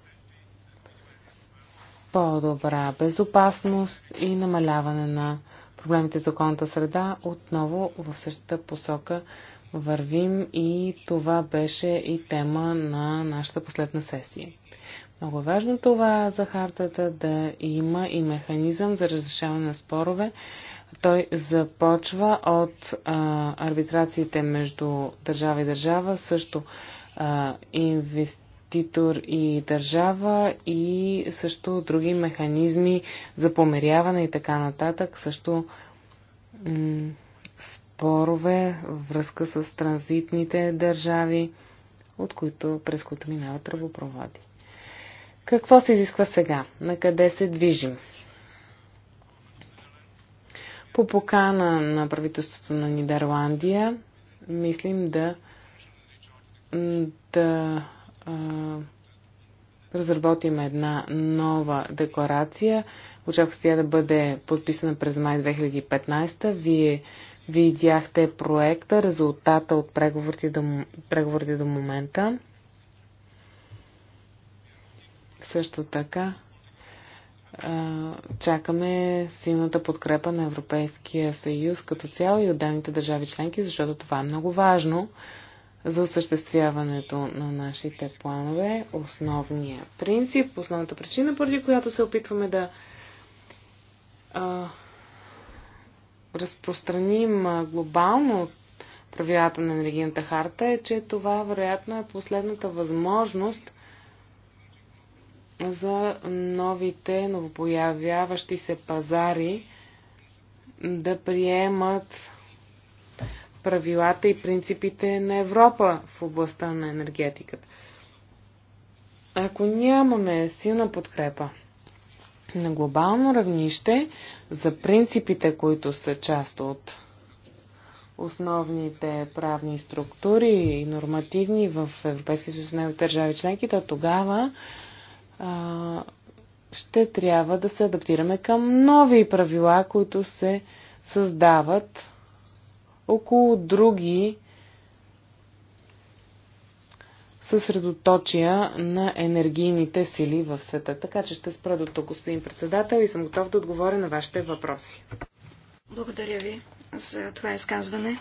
по-добра безопасност и намаляване на проблемите за околната среда. Отново в същата посока вървим и това беше и тема на нашата последна сесия. Много е важно това за хартата да има и механизъм за разрешаване на спорове. Той започва от а, арбитрациите между държава и държава, също а, инвести инвеститор и държава и също други механизми за померяване и така нататък, също спорове, връзка с транзитните държави, от които през които минават тръбопроводи. Какво се изисква сега? На къде се движим? По покана на правителството на Нидерландия, мислим да, да разработим една нова декларация. Очаква се тя да бъде подписана през май 2015. Вие видяхте проекта, резултата от преговорите до, преговорите до момента. Също така чакаме силната подкрепа на Европейския съюз като цяло и отделните държави членки, защото това е много важно за осъществяването на нашите планове, основния принцип, основната причина, поради която се опитваме да а, разпространим глобално правилата на енергийната харта е, че това вероятно е последната възможност за новите, новопоявяващи се пазари да приемат правилата и принципите на Европа в областта на енергетиката. Ако нямаме силна подкрепа на глобално равнище за принципите, които са част от основните правни структури и нормативни в Европейския съюз на държави членки, то тогава а, ще трябва да се адаптираме към нови правила, които се създават около други съсредоточия на енергийните сили в света. Така че ще спра до тук, господин председател, и съм готов да отговоря на вашите въпроси. Благодаря ви за това изказване.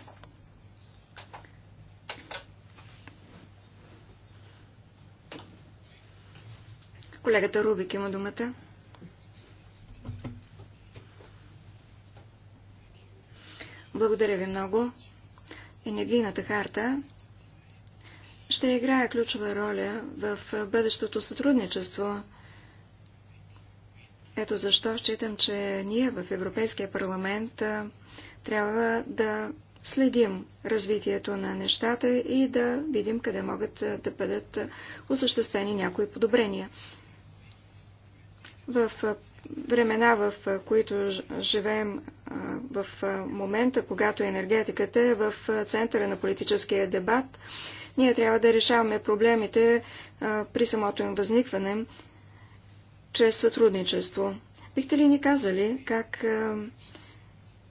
Колегата Рубик има думата. Благодаря ви много. Енергийната харта ще играе ключова роля в бъдещото сътрудничество. Ето защо считам, че ние в Европейския парламент трябва да следим развитието на нещата и да видим къде могат да бъдат осъществени някои подобрения. В времена, в които живеем в момента, когато енергетиката е в центъра на политическия дебат, ние трябва да решаваме проблемите при самото им възникване чрез сътрудничество. Бихте ли ни казали как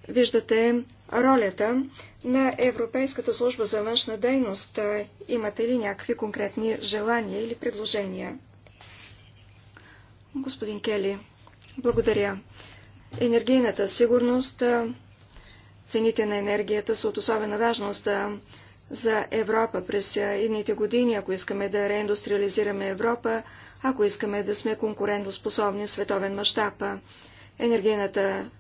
виждате ролята на Европейската служба за външна дейност? Имате ли някакви конкретни желания или предложения? Господин Кели. Благодаря. Енергийната сигурност, цените на енергията са от особена важност за Европа през едните години, ако искаме да реиндустриализираме Европа, ако искаме да сме конкурентоспособни в световен мащаб. Енергийната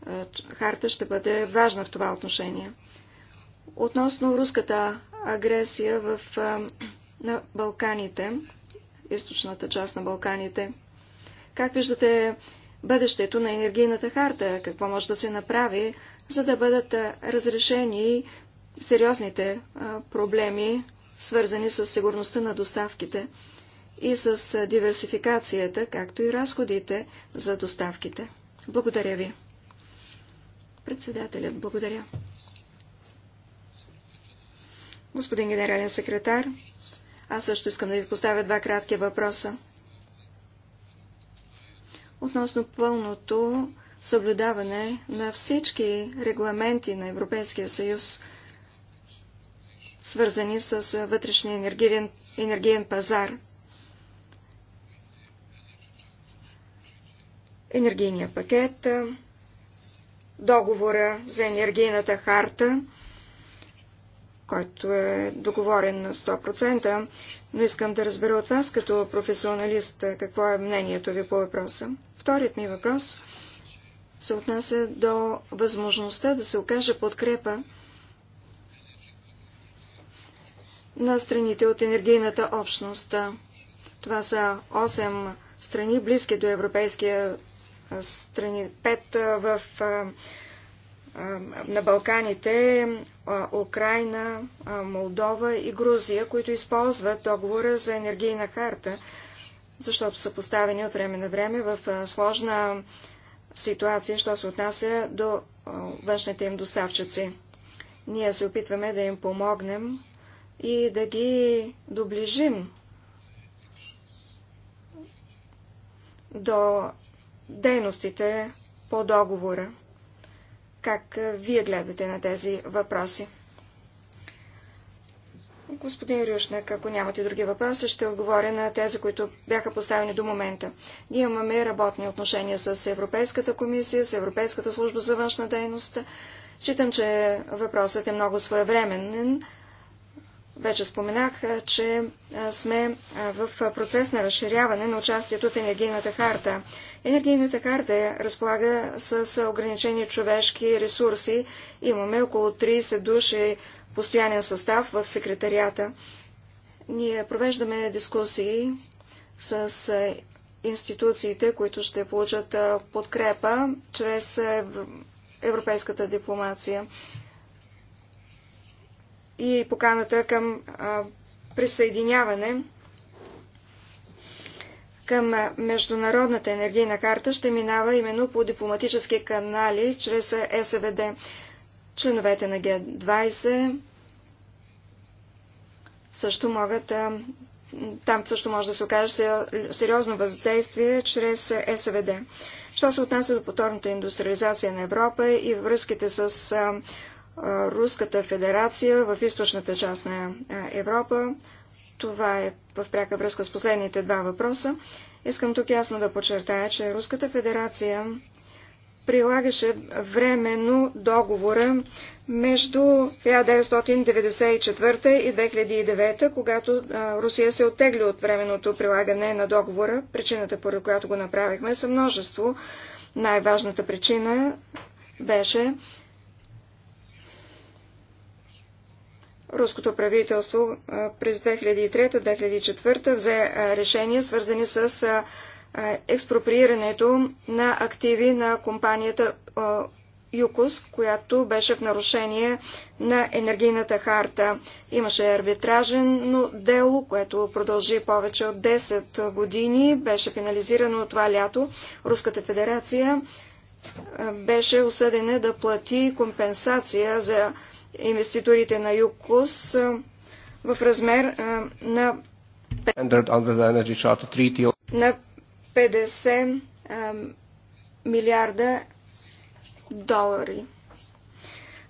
харта ще бъде важна в това отношение. Относно руската агресия в, на Балканите, източната част на Балканите, как виждате бъдещето на енергийната харта, какво може да се направи, за да бъдат разрешени сериозните проблеми, свързани с сигурността на доставките и с диверсификацията, както и разходите за доставките. Благодаря ви. Председателят, благодаря. Господин генерален секретар, аз също искам да ви поставя два кратки въпроса относно пълното съблюдаване на всички регламенти на Европейския съюз, свързани с вътрешния енергиен, енергиен пазар. Енергийния пакет, договора за енергийната харта, който е договорен на 100%, но искам да разбера от вас като професионалист какво е мнението ви по въпроса. Вторият ми въпрос се отнася до възможността да се окаже подкрепа на страните от енергийната общност. Това са 8 страни, близки до Европейския страни, 5 в, на Балканите, Украина, Молдова и Грузия, които използват договора за енергийна карта защото са поставени от време на време в сложна ситуация, що се отнася до външните им доставчици. Ние се опитваме да им помогнем и да ги доближим до дейностите по договора. Как вие гледате на тези въпроси? Господин Рюшнак, ако нямате други въпроси, ще отговоря на тези, които бяха поставени до момента. Ние имаме работни отношения с Европейската комисия, с Европейската служба за външна дейност. Читам, че въпросът е много своевременен. Вече споменах, че сме в процес на разширяване на участието в енергийната харта. Енергийната харта разполага с ограничени човешки ресурси. Имаме около 30 души постоянен състав в секретарията. Ние провеждаме дискусии с институциите, които ще получат подкрепа чрез европейската дипломация и поканата към присъединяване към Международната енергийна карта ще минава именно по дипломатически канали чрез СВД. Членовете на Г20 също могат, там също може да се окаже сериозно въздействие чрез СВД. Що се отнася до повторната индустриализация на Европа и връзките с Руската федерация в източната част на Европа. Това е в пряка връзка с последните два въпроса. Искам тук ясно да подчертая, че Руската федерация прилагаше временно договора между 1994 и 2009, когато Русия се оттегли от временното прилагане на договора. Причината, поради която го направихме, са множество. Най-важната причина беше, Руското правителство през 2003-2004 взе решения, свързани с експроприирането на активи на компанията ЮКОС, която беше в нарушение на енергийната харта. Имаше арбитражено дело, което продължи повече от 10 години, беше финализирано това лято. Руската федерация беше осъдена да плати компенсация за инвеститорите на ЮКОС в размер на, на 50 милиарда долари.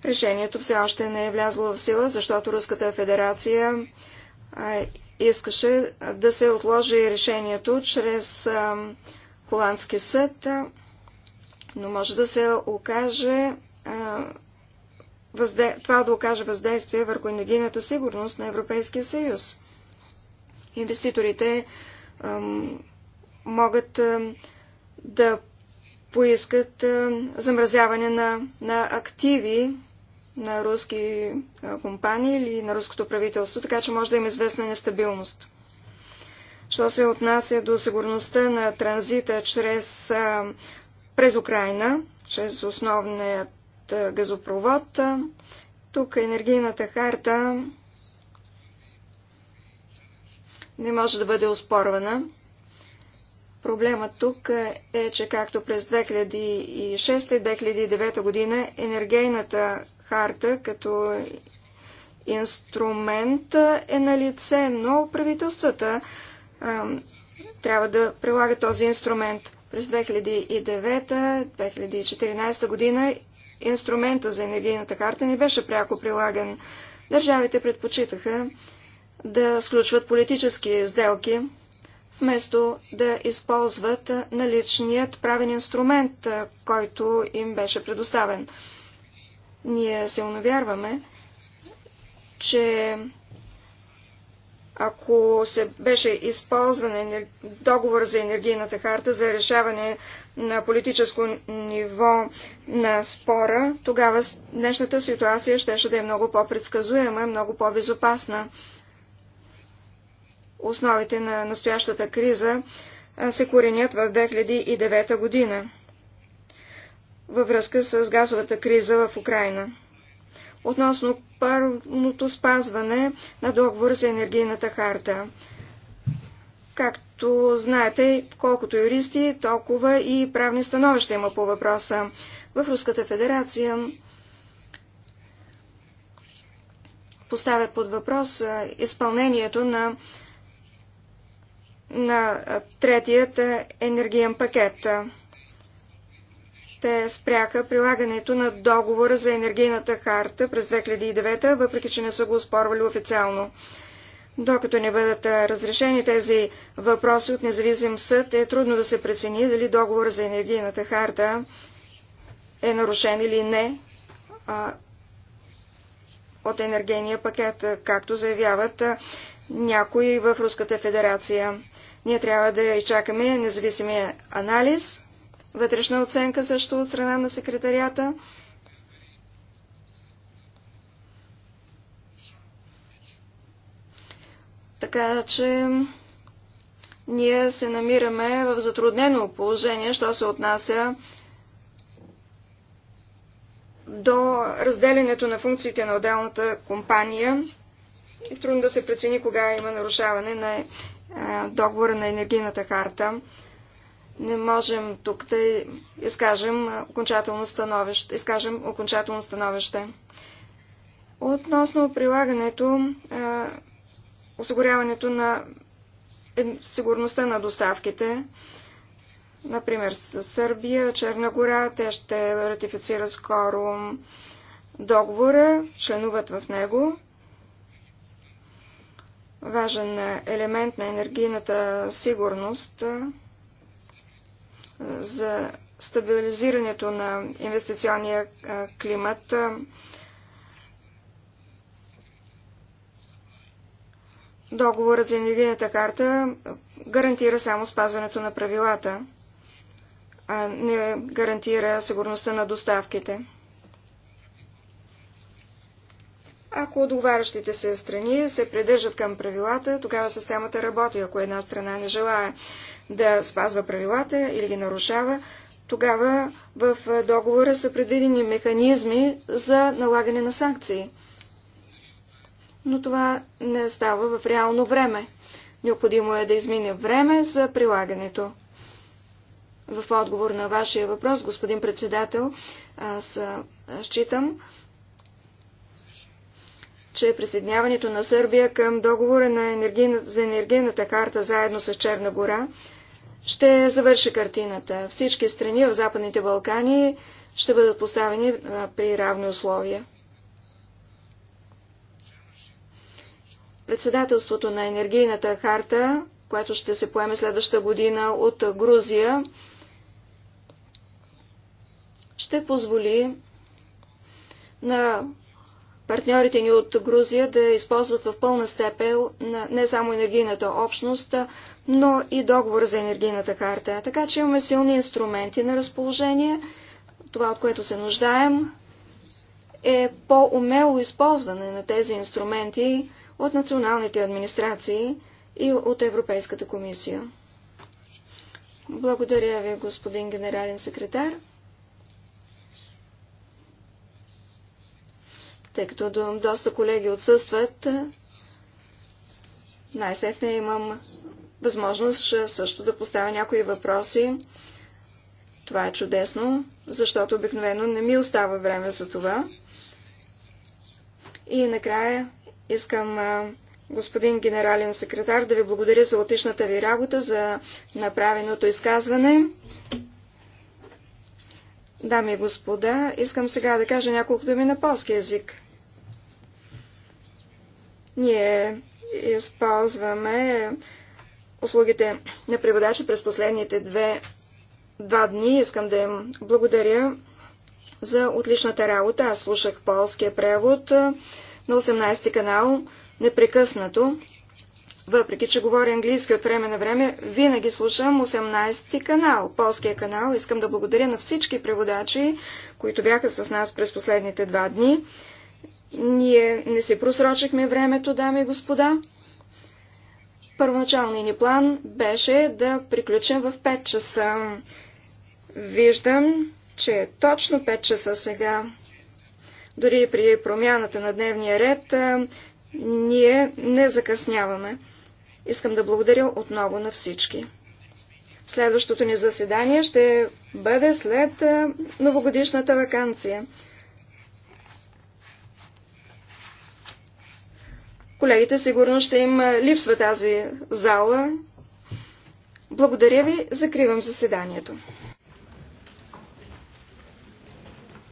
Решението все още не е влязло в сила, защото Руската федерация искаше да се отложи решението чрез холандски съд, но може да се окаже възде... това да окаже въздействие върху енергийната сигурност на Европейския съюз. Инвеститорите ам, могат ам, да поискат ам, замразяване на, на активи на руски а, компании или на руското правителство, така че може да има известна нестабилност. Що се отнася до сигурността на транзита чрез, а, през Украина, чрез основният газопровод. Тук енергийната харта не може да бъде оспорвана. Проблемът тук е, че както през 2006 и 2009 година енергийната харта като инструмент е на лице, но правителствата а, трябва да прилагат този инструмент. През 2009-2014 година инструмента за енергийната карта не беше пряко прилаган. Държавите предпочитаха да сключват политически сделки, вместо да използват наличният правен инструмент, който им беше предоставен. Ние се вярваме, че ако се беше използван договор за енергийната харта за решаване на политическо ниво на спора, тогава днешната ситуация щеше да е много по-предсказуема, много по-безопасна. Основите на настоящата криза се коренят в 2009 година във връзка с газовата криза в Украина. Относно първото спазване на договор за енергийната харта. Както Както знаете, колкото юристи, толкова и правни становища има по въпроса. В Руската федерация поставят под въпрос изпълнението на, на третият енергиен пакет. Те спряха прилагането на договора за енергийната харта през 2009, въпреки че не са го спорвали официално. Докато не бъдат разрешени тези въпроси от независим съд, е трудно да се прецени дали договор за енергийната харта е нарушен или не а, от енергийния пакет, както заявяват някои в Руската федерация. Ние трябва да изчакаме независимия анализ, вътрешна оценка също от страна на секретарията. Така че ние се намираме в затруднено положение, що се отнася до разделянето на функциите на отделната компания. И трудно да се прецени кога има нарушаване на договора на енергийната харта. Не можем тук да изкажем окончателно становище. Изкажем окончателно становище. Относно прилагането осигуряването на сигурността на доставките. Например, с Сърбия, Черна гора, те ще ратифицират скоро договора, членуват в него. Важен елемент на енергийната сигурност за стабилизирането на инвестиционния климат Договорът за енергийната карта гарантира само спазването на правилата, а не гарантира сигурността на доставките. Ако отговарящите се страни се придържат към правилата, тогава системата работи. Ако една страна не желая да спазва правилата или ги нарушава, тогава в договора са предвидени механизми за налагане на санкции но това не става в реално време. Необходимо е да измине време за прилагането. В отговор на вашия въпрос, господин председател, аз считам, че присъединяването на Сърбия към договора на енергийна, за енергийната карта заедно с Черна гора ще завърши картината. Всички страни в Западните Балкани ще бъдат поставени при равни условия. Председателството на енергийната харта, което ще се поеме следващата година от Грузия, ще позволи на партньорите ни от Грузия да използват в пълна степен не само енергийната общност, но и договор за енергийната харта. Така че имаме силни инструменти на разположение. Това, от което се нуждаем, е по-умело използване на тези инструменти, от националните администрации и от Европейската комисия. Благодаря ви, господин генерален секретар. Тъй като доста колеги отсъстват, най-сетне имам възможност също да поставя някои въпроси. Това е чудесно, защото обикновено не ми остава време за това. И накрая Искам господин генерален секретар да ви благодаря за отличната ви работа, за направеното изказване. Дами и господа, искам сега да кажа няколко думи на полски язик. Ние използваме услугите на преводача през последните две, два дни. Искам да им благодаря за отличната работа. Аз слушах полския превод на 18-ти канал непрекъснато. Въпреки, че говоря английски от време на време, винаги слушам 18-ти канал, полския канал. Искам да благодаря на всички преводачи, които бяха с нас през последните два дни. Ние не се просрочихме времето, дами и господа. Първоначалният ни план беше да приключим в 5 часа. Виждам, че точно 5 часа сега. Дори при промяната на дневния ред ние не закъсняваме. Искам да благодаря отново на всички. Следващото ни заседание ще бъде след новогодишната вакансия. Колегите сигурно ще им липсва тази зала. Благодаря ви, закривам заседанието.